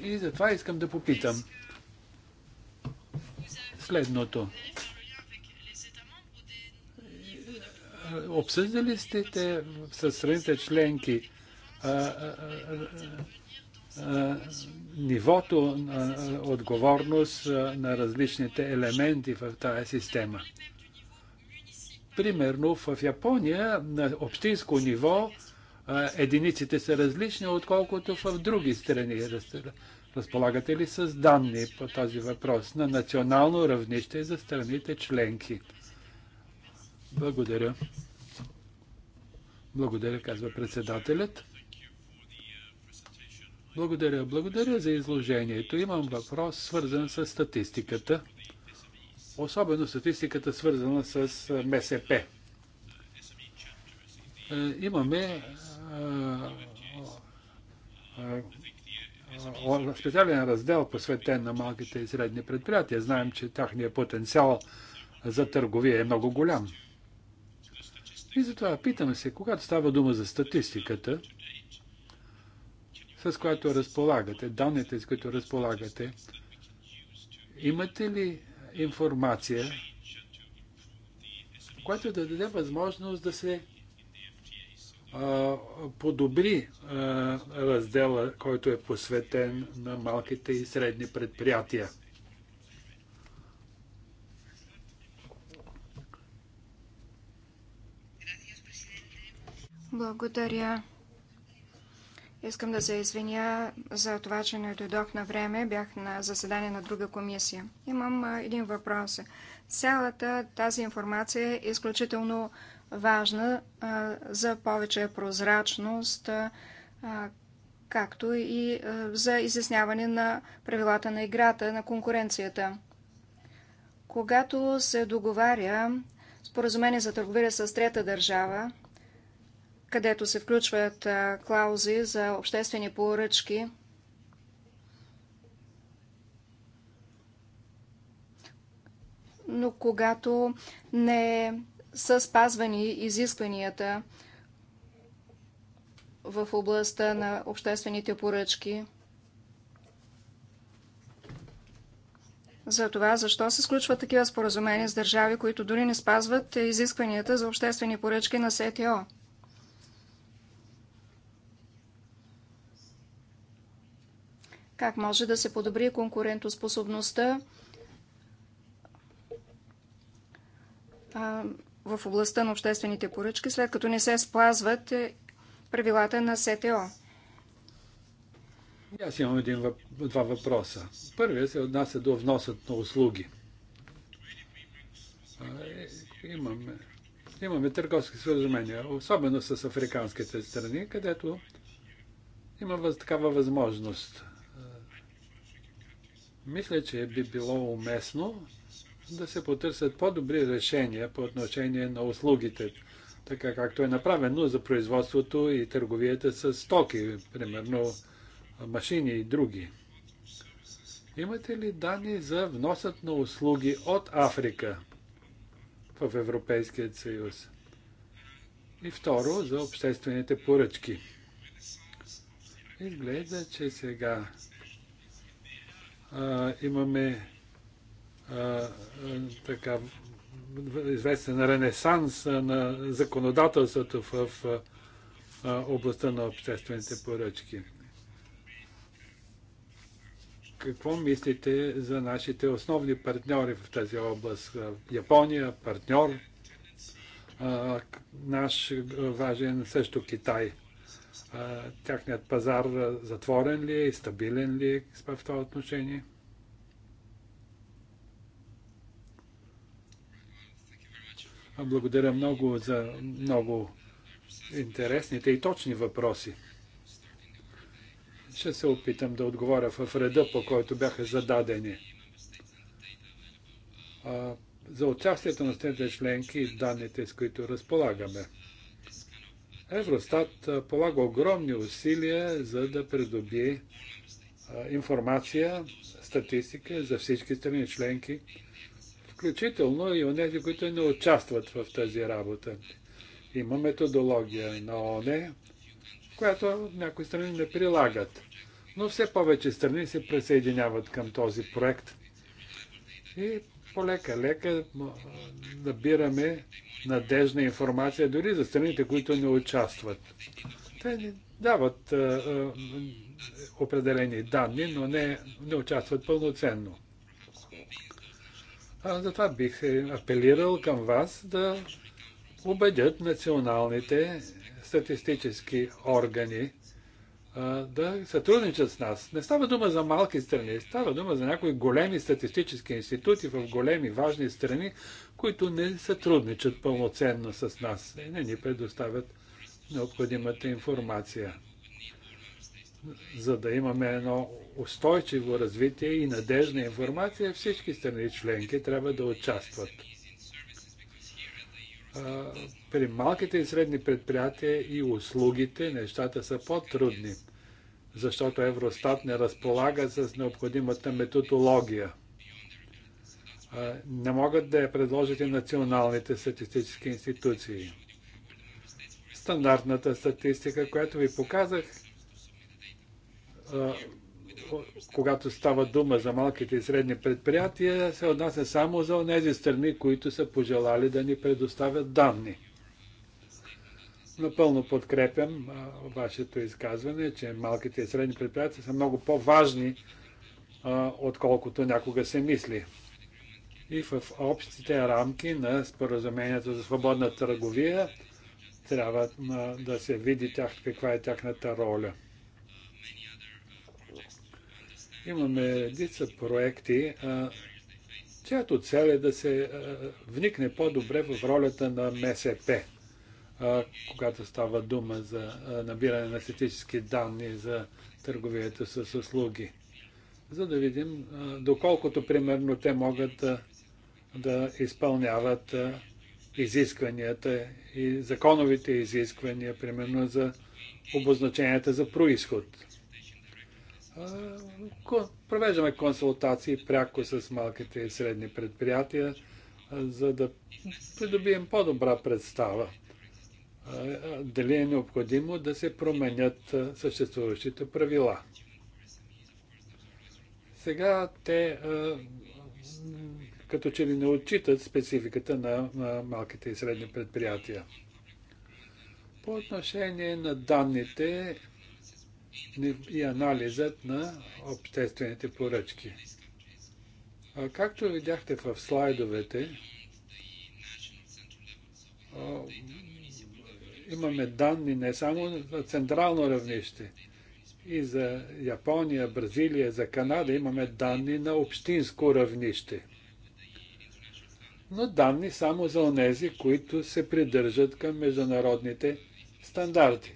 И затова искам да попитам следното. Обсъждали сте те с страните членки а, а, а, нивото на отговорност на различните елементи в тази система? Примерно в Япония на общинско ниво единиците са различни, отколкото в други страни. Разполагате ли с данни по този въпрос на национално равнище за страните членки? Благодаря. Благодаря, казва председателят. Благодаря, благодаря за изложението. Имам въпрос, свързан с статистиката. Особено статистиката, свързана с МСП. Е, имаме е, е, специален раздел, посветен на малките и средни предприятия. Знаем, че тяхният потенциал за търговия е много голям. И затова питаме се, когато става дума за статистиката, с която разполагате, данните, с които разполагате, имате ли информация, която да даде възможност да се подобри раздела, който е посветен на малките и средни предприятия. Благодаря. Искам да се извиня за това, че не дойдох на време. Бях на заседание на друга комисия. Имам един въпрос. Цялата тази информация е изключително важна за повече прозрачност, както и за изясняване на правилата на играта, на конкуренцията. Когато се договаря споразумение за търговия с трета държава, където се включват клаузи за обществени поръчки, но когато не е са спазвани изискванията в областта на обществените поръчки. За това, защо се сключват такива споразумения с държави, които дори не спазват изискванията за обществени поръчки на СТО. Как може да се подобри конкурентоспособността в областта на обществените поръчки, след като не се спазват е, правилата на СТО. Аз имам един, два въпроса. Първият се отнася до вносът на услуги. А, имаме, имаме търговски споразумения, особено с африканските страни, където има въз, такава възможност. А, мисля, че би било уместно да се потърсят по-добри решения по отношение на услугите, така както е направено за производството и търговията с стоки, примерно машини и други. Имате ли данни за вносът на услуги от Африка в Европейския съюз? И второ, за обществените поръчки. Изглежда, че сега а, имаме така, известен ренесанс на законодателството в, областта на обществените поръчки. Какво мислите за нашите основни партньори в тази област? Япония, партньор, наш важен също Китай. Тяхният пазар затворен ли е и стабилен ли е в това отношение? Благодаря много за много интересните и точни въпроси. Ще се опитам да отговоря в реда, по който бяха зададени. За участието на тези членки и данните, с които разполагаме. Евростат полага огромни усилия, за да придобие информация, статистика за всички страни членки, включително и онези, които не участват в тази работа. Има методология на ОНЕ, която някои страни не прилагат. Но все повече страни се присъединяват към този проект и полека-лека набираме надежна информация дори за страните, които не участват. Те не дават а, а, определени данни, но не, не участват пълноценно. Затова бих е, апелирал към вас да убедят националните статистически органи да сътрудничат с нас. Не става дума за малки страни, става дума за някои големи статистически институти в големи важни страни, които не сътрудничат пълноценно с нас и не ни предоставят необходимата информация за да имаме едно устойчиво развитие и надежна информация, всички страни членки трябва да участват. при малките и средни предприятия и услугите нещата са по-трудни, защото Евростат не разполага с необходимата методология. не могат да я предложат и националните статистически институции. Стандартната статистика, която ви показах, когато става дума за малките и средни предприятия, се отнася само за тези страни, които са пожелали да ни предоставят данни. Напълно подкрепям вашето изказване, че малките и средни предприятия са много по-важни, отколкото някога се мисли. И в общите рамки на споразумението за свободна търговия трябва да се види тях, каква е тяхната роля. Имаме редица проекти, чиято цел е да се вникне по-добре в ролята на МСП, когато става дума за набиране на статически данни за търговията с услуги, за да видим доколкото примерно те могат да, да изпълняват изискванията и законовите изисквания, примерно за обозначенията за происход провеждаме консултации пряко с малките и средни предприятия, за да придобием по-добра представа дали е необходимо да се променят съществуващите правила. Сега те като че ли не отчитат спецификата на малките и средни предприятия. По отношение на данните, и анализът на обществените поръчки. А както видяхте в слайдовете, имаме данни не само за централно равнище, и за Япония, Бразилия, за Канада имаме данни на общинско равнище. Но данни само за онези, които се придържат към международните стандарти.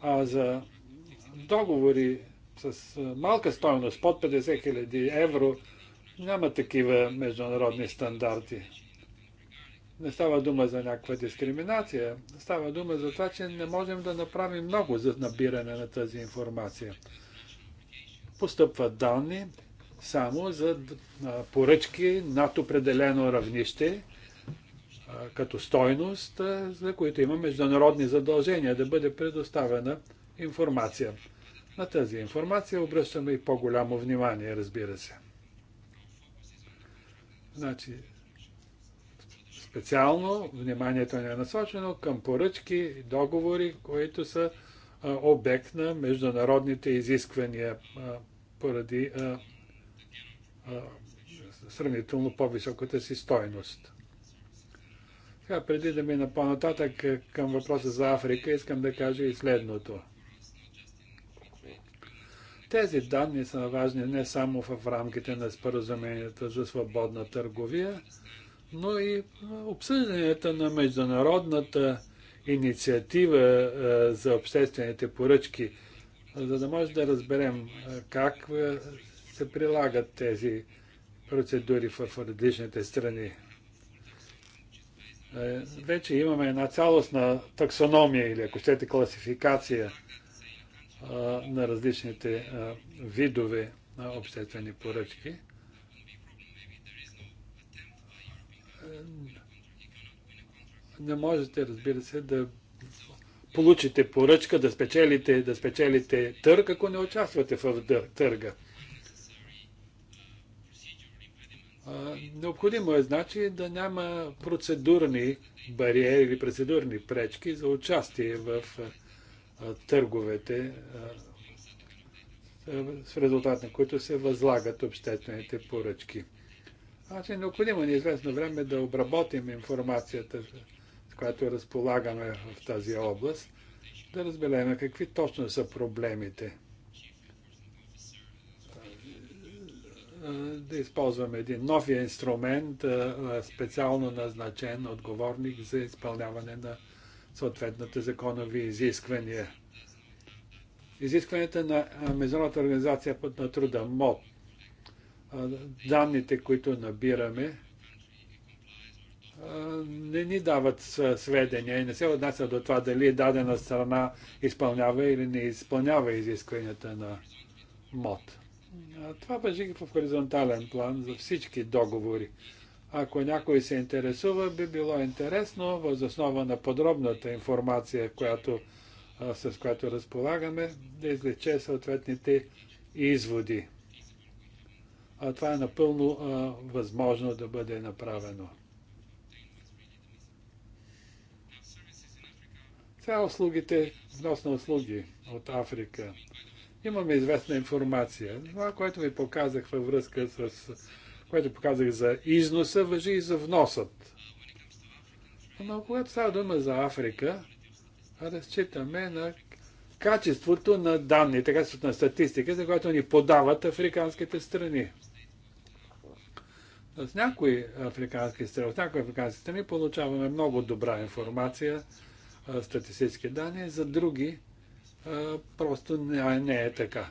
А за договори с малка стойност, под 50 000 евро, няма такива международни стандарти. Не става дума за някаква дискриминация, става дума за това, че не можем да направим много за набиране на тази информация. Постъпват данни само за поръчки над определено равнище, като стойност, за които има международни задължения да бъде предоставена информация. На тази информация обръщаме и по-голямо внимание, разбира се. Значи, специално вниманието ни е насочено към поръчки, договори, които са обект на международните изисквания поради сравнително по-високата си стойност. Сега, преди да мина по-нататък към въпроса за Африка, искам да кажа и следното – тези данни са важни не само в рамките на споразуменията за свободна търговия, но и обсъжданията на международната инициатива е, за обществените поръчки, за да може да разберем е, как е, се прилагат тези процедури в различните страни. Вече имаме една цялостна таксономия или ако щете класификация на различните видове на обществени поръчки. Не можете, разбира се, да получите поръчка, да спечелите, да спечелите търг, ако не участвате в търга. Необходимо е, значи, да няма процедурни бариери или процедурни пречки за участие в търговете, с резултат на които се възлагат обществените поръчки. Значи необходимо ни е известно време да обработим информацията, с която разполагаме в тази област, да разберем какви точно са проблемите. Да използваме един нов инструмент, специално назначен отговорник за изпълняване на съответните законови изисквания. Изискванията на Международната организация на труда МОП, данните, които набираме, не ни дават сведения и не се отнася до това дали дадена страна изпълнява или не изпълнява изискванията на МОД. Това бъжи в хоризонтален план за всички договори. Ако някой се интересува, би било интересно, въз основа на подробната информация, която, с която разполагаме, да излече съответните изводи. А това е напълно а, възможно да бъде направено. Сега услугите, внос на услуги от Африка. Имаме известна информация. Това, което ви показах във връзка с което показах за износа, въжи и за вносът. Но когато става дума за Африка, разчитаме на качеството на данните, качеството на статистиката, която ни подават африканските страни. С някои африкански страни, от някои африкански страни получаваме много добра информация, статистически данни, за други просто не е така.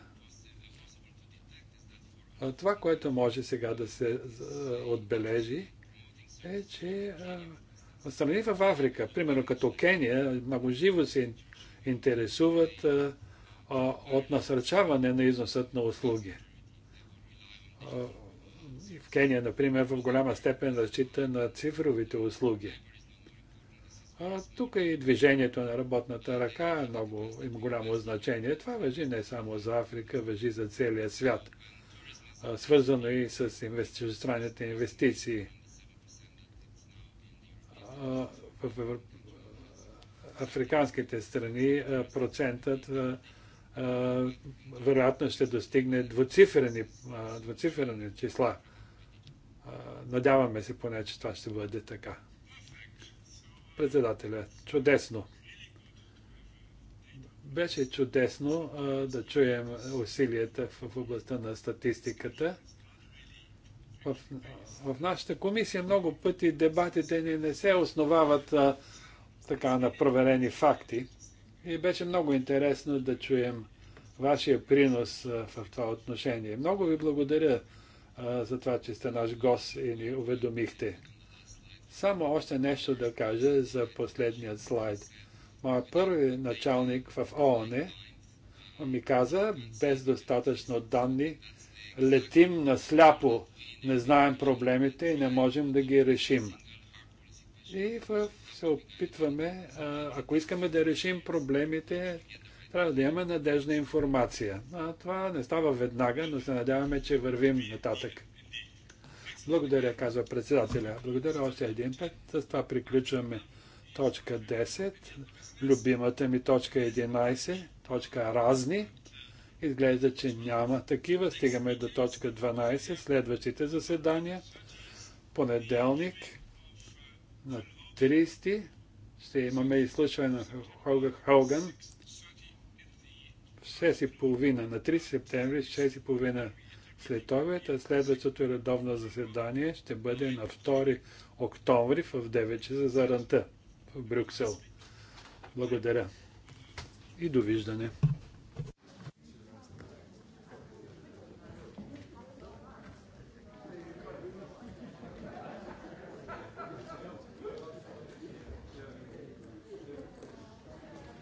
Това, което може сега да се отбележи, е, че страни в Африка, примерно като Кения, много живо се интересуват от насърчаване на износът на услуги. В Кения, например, в голяма степен разчита на цифровите услуги. А тук и движението на работната ръка е много, има голямо значение. Това въжи не само за Африка, въжи за целия свят свързано и с чуждестранните инвестиции. В африканските страни процентът вероятно ще достигне двуцифрени, двуцифрени числа. Надяваме се поне, че това ще бъде така. Председателя, чудесно. Беше чудесно а, да чуем усилията в, в областта на статистиката. В, в нашата комисия много пъти дебатите ни не се основават а, така на проверени факти. И беше много интересно да чуем вашия принос в това отношение. Много ви благодаря а, за това, че сте наш гост и ни уведомихте. Само още нещо да кажа за последният слайд. Моят първи началник в ООН ми каза, без достатъчно данни, летим насляпо, не знаем проблемите и не можем да ги решим. И в, се опитваме, ако искаме да решим проблемите, трябва да имаме надежна информация. А това не става веднага, но се надяваме, че вървим нататък. Благодаря, казва председателя. Благодаря още един път. С това приключваме точка 10, любимата ми точка 11, е точка разни. Изглежда, че няма такива. Стигаме до точка 12, следващите заседания. Понеделник на 30 ще имаме изслушване на Хоган в 6.30 на 30 септември, 6.30 след обед, следващото редовно заседание ще бъде на 2 октомври в 9 часа за ранта в Брюксел. Благодаря и довиждане.